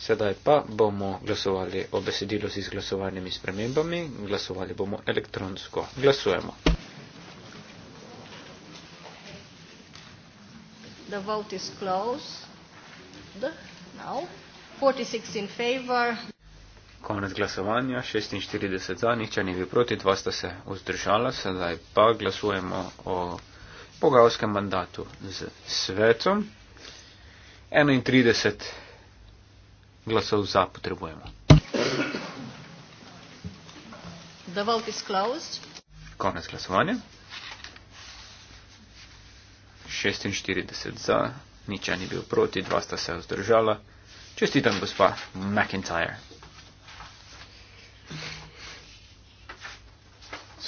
Speaker 5: Sedaj pa bomo glasovali o besedilu z izglasovanimi spremembami, glasovali bomo elektronsko. Glasujemo.
Speaker 3: The vote is closed. Now, 46 in favor.
Speaker 5: Konec glasovanja, 46 za, nihče ni bil proti, dva sta se vzdržala, sedaj pa glasujemo o pogavskem mandatu z svetom. 31 glasov za potrebujemo.
Speaker 3: The vote is closed.
Speaker 5: Konec glasovanja. 46 za, nič ni bil proti, dva sta se vzdržala. Čestitam, gospa McIntyre.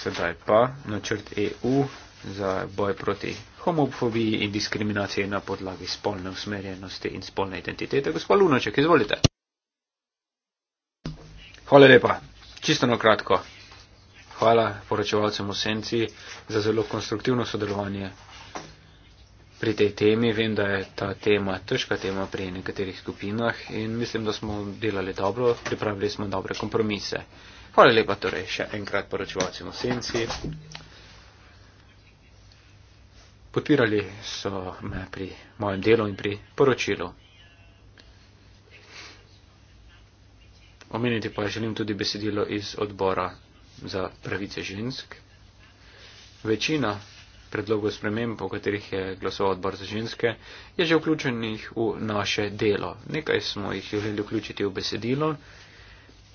Speaker 5: Sedaj pa načrt EU za boj proti homofobiji in diskriminaciji na podlagi spolne usmerjenosti in spolne identitete. Gospod Lunoček, izvolite. Hvala lepa. Čisto na kratko. Hvala poročevalcem v Senci za zelo konstruktivno sodelovanje pri tej temi. Vem, da je ta tema težka tema pri nekaterih skupinah in mislim, da smo delali dobro, pripravili smo dobre kompromise. Hvala lepa torej še enkrat poročevalcem Osenci. Podpirali so me pri mojem delu in pri poročilu. Omeniti pa želim tudi besedilo iz odbora za pravice žensk. Večina predlogov sprememb, po katerih je glasoval odbor za ženske, je že vključenih v naše delo. Nekaj smo jih želeli vključiti v besedilo.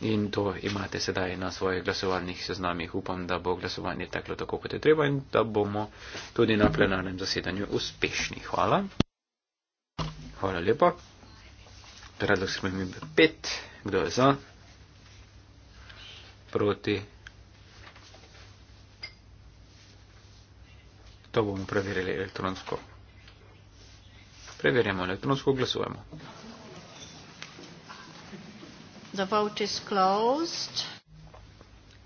Speaker 5: In to imate sedaj na svojih glasovalnih seznamih. Upam, da bo glasovanje teklo tako, kot je treba in da bomo tudi na plenarnem zasedanju uspešni. Hvala. Hvala lepa. Predlog smo imeli pet. Kdo je za? Proti. To bomo preverili elektronsko. Preverjamo elektronsko, glasujemo.
Speaker 3: The vote is closed.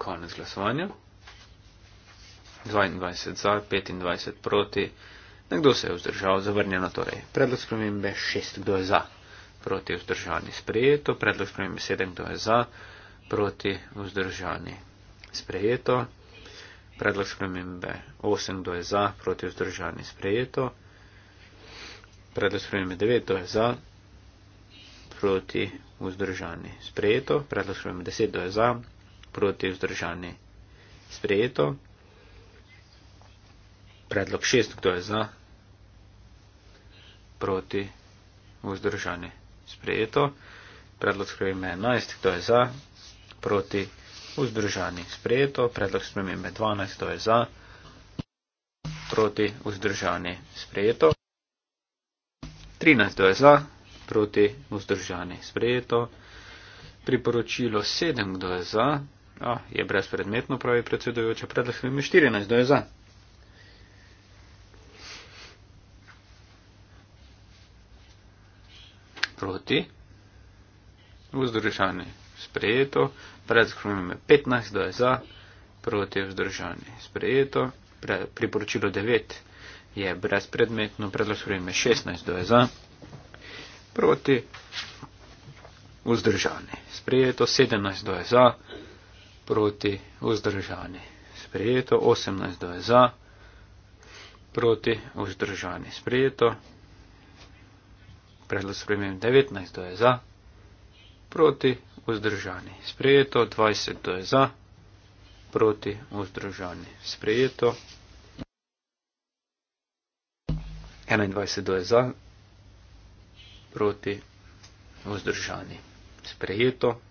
Speaker 5: Konec glasovanja. 22 za, 25 proti. Nekdo se je vzdržal, zavrnjeno torej. Predlog spremembe 6, kdo je za, proti vzdržani sprejeto. Predlog spremembe 7, kdo je za, proti vzdržani sprejeto. Predlog spremembe 8, kdo je za, proti vzdržani sprejeto. Predlog spremembe 9, kdo je za, proti vzdržani. Sprejeto, predlagujemo 10, da je za, proti vzdržani. Sprejeto, predlog 6, kdo je za, proti vzdržani. Sprejeto, predlog 11, kdo je za, proti vzdržani. Sprejeto, predlog 12, kdo je za, proti vzdržani. Sprejeto, 13, kdo je za, proti vzdržani. Sprejeto priporočilo 7, kdo je za. A, je brezpredmetno, pravi predsedujoča, predlog 14, kdo je za. Proti. Vzdržani. Sprejeto. Predlog 15, kdo je za. Proti vzdržani. Sprejeto. Pre, priporočilo 9 je brezpredmetno, predlog sprejme 16, kdo je za proti vzdržani. Sprejeto 17 do je za, proti vzdržani. Sprejeto 18 do je za, proti vzdržani. Sprejeto. Predlog spremem 19 do je za, proti vzdržani. Sprejeto 20 do je za, proti vzdržani. Sprejeto. 21 do je za, proti vzdržani. Sprejeto.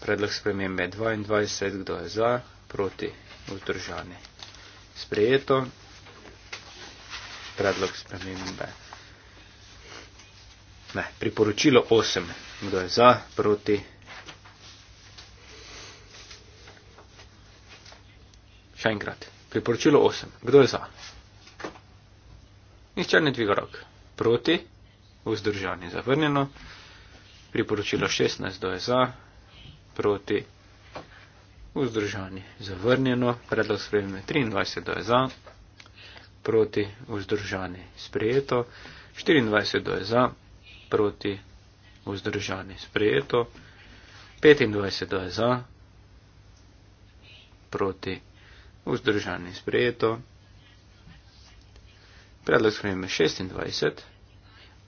Speaker 5: Predlog spremembe 22. Kdo je za? Proti vzdržani. Sprejeto. Predlog spremembe. Ne, priporočilo 8. Kdo je za? Proti. Še enkrat. Priporočilo 8. Kdo je za? Nihče ne dviga rok. Proti, vzdržan je zavrnjeno, priporočilo 16 do je za, proti, vzdržan je zavrnjeno, predlog sprejme 23 do je za, proti, vzdržan je sprejeto, 24 do je za, proti, vzdržan je sprejeto, 25 do je za, proti, vzdržan je sprejeto. Predlog spremembe 26.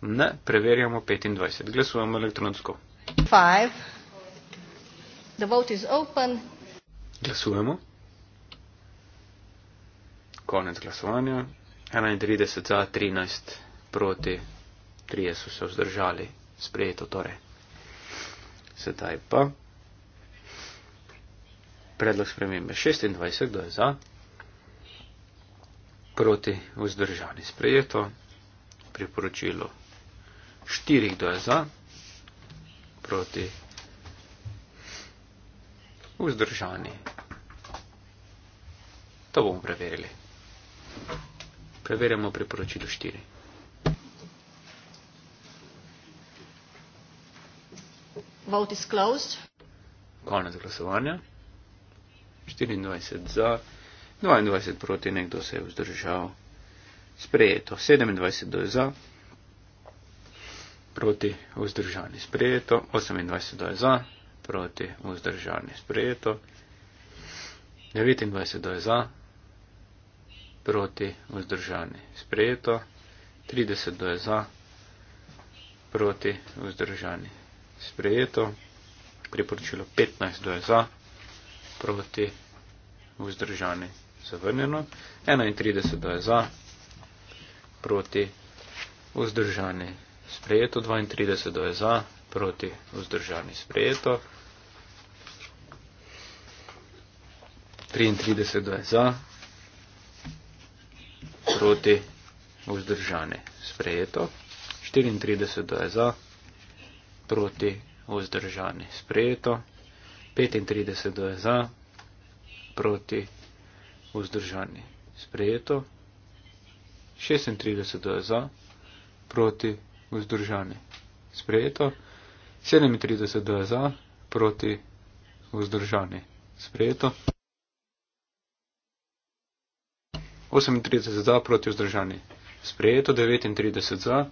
Speaker 5: Ne, preverjamo 25. Glasujemo elektronsko.
Speaker 3: The vote is open.
Speaker 5: Glasujemo. Konec glasovanja. 31 za, 13 proti. Trije so se vzdržali. Sprejeto torej. Sedaj pa. Predlog spremembe 26. Kdo je za? proti vzdržani. Sprejeto priporočilo štirih do je za, proti vzdržani. To bomo preverili. Preverjamo priporočilo štiri.
Speaker 3: Vote is closed.
Speaker 5: Konec glasovanja. 24 za. 22 proti, nekdo se je vzdržal. Sprejeto. 27 do je za, proti vzdržani. Sprejeto. 28 do je za, proti vzdržani. Sprejeto. 29 do je za, proti vzdržani. Sprejeto. 30 do je za, proti vzdržani. Sprejeto. Priporočilo 15 do je za, proti vzdržani. Sprejeto zavrnjeno, 31 je za, proti vzdržani sprejeto, 32 je za, proti vzdržani sprejeto, 33 je za, proti vzdržani sprejeto, 34 je za, proti vzdržani sprejeto, 35 je za, proti vzdržani sprejeto, vzdržani. Sprejeto 36 je za, proti vzdržani. Sprejeto 37 je za, proti vzdržani. Sprejeto 38 je za, proti vzdržani. Sprejeto 39 je za,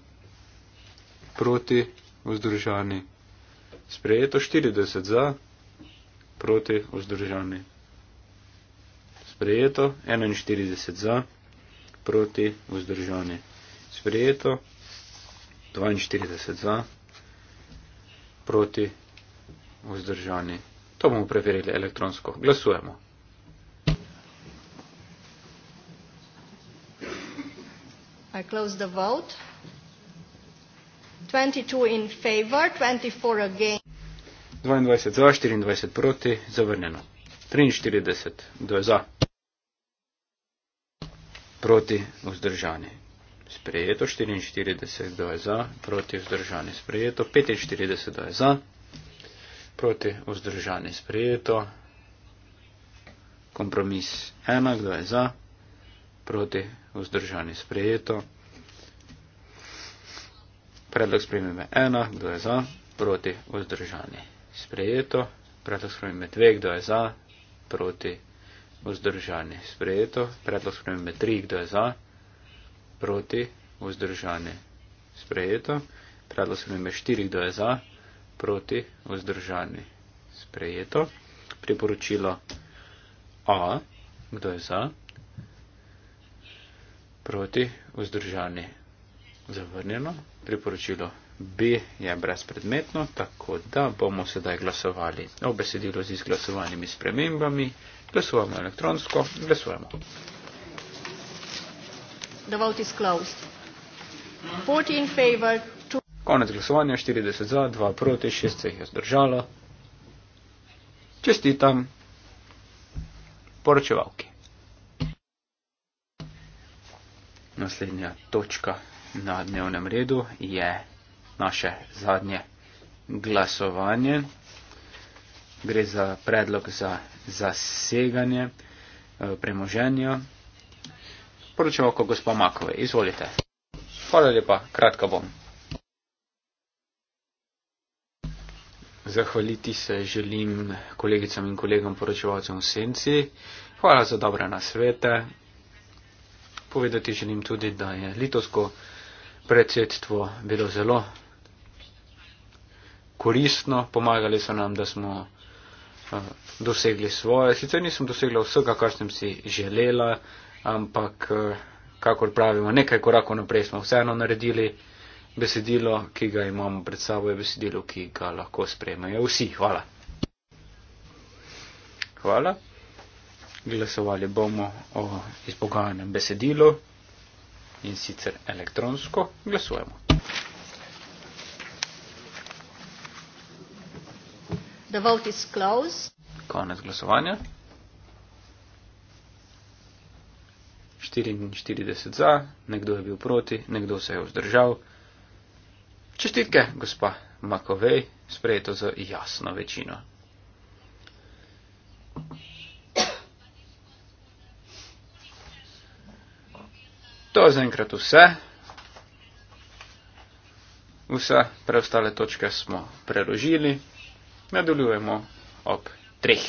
Speaker 5: proti vzdržani. Sprejeto 40 za, proti vzdržani sprejeto, 41 za, proti, vzdržani, sprejeto, 42 za, proti, vzdržani. To bomo preverili elektronsko. Glasujemo.
Speaker 3: I close the vote. 22 in favor, 24 again.
Speaker 5: 22 za, 24 proti, zavrnjeno. 43 do za proti vzdržani. Sprejeto 44, kdo je za, proti vzdržani. Sprejeto 45, kdo je za, proti vzdržani. Sprejeto kompromis 1, kdo je za, proti vzdržani. Sprejeto predlog spremembe 1, kdo je za, proti vzdržani. Sprejeto predlog spremembe 2, kdo je za, proti vzdržani vzdržani. Sprejeto, predlog spremembe 3, kdo je za, proti, vzdržani. Sprejeto, predlog spremembe 4, kdo je za, proti, vzdržani. Sprejeto, priporočilo A, kdo je za, proti, vzdržani. Zavrnjeno, priporočilo B je brezpredmetno, tako da bomo sedaj glasovali o besedilu z izglasovanimi spremembami. Glasujemo elektronsko. Glasujemo. Konec glasovanja, 40 za, 2 proti, 6 se jih je zdržalo. Čestitam poročevalki. Naslednja točka na dnevnem redu je naše zadnje glasovanje gre za predlog za zaseganje eh, premoženja. Poročamo ko gospa Makove. Izvolite. Hvala lepa, kratka bom. Zahvaliti se želim kolegicam in kolegom poročevalcem v senci. Hvala za dobre nasvete. Povedati želim tudi, da je litovsko predsedstvo bilo zelo koristno. Pomagali so nam, da smo. Eh, dosegli svoje. Sicer nisem dosegla vsega, kar sem si želela, ampak eh, kakor pravimo, nekaj korakov naprej smo vseeno naredili. Besedilo, ki ga imamo pred sabo, je besedilo, ki ga lahko sprejmejo vsi. Hvala. Hvala. Glasovali bomo o izpogajanem besedilu in sicer elektronsko glasujemo.
Speaker 3: The vote is closed.
Speaker 5: Konec glasovanja. 44 za, nekdo je bil proti, nekdo se je vzdržal. Čestitke, gospa Makovej, sprejeto za jasno večino. To je zaenkrat vse. Vse preostale točke smo preložili nadaljujemo ob treh.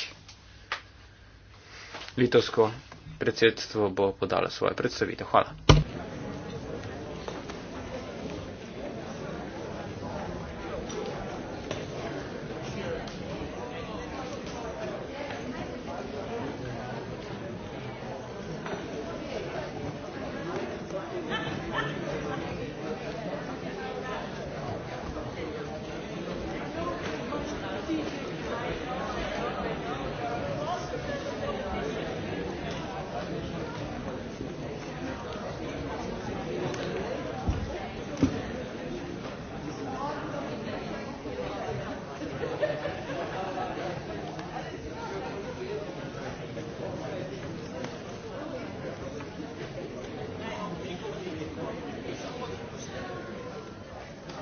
Speaker 5: Litovsko predsedstvo bo podalo svojo predstavitev. Hvala.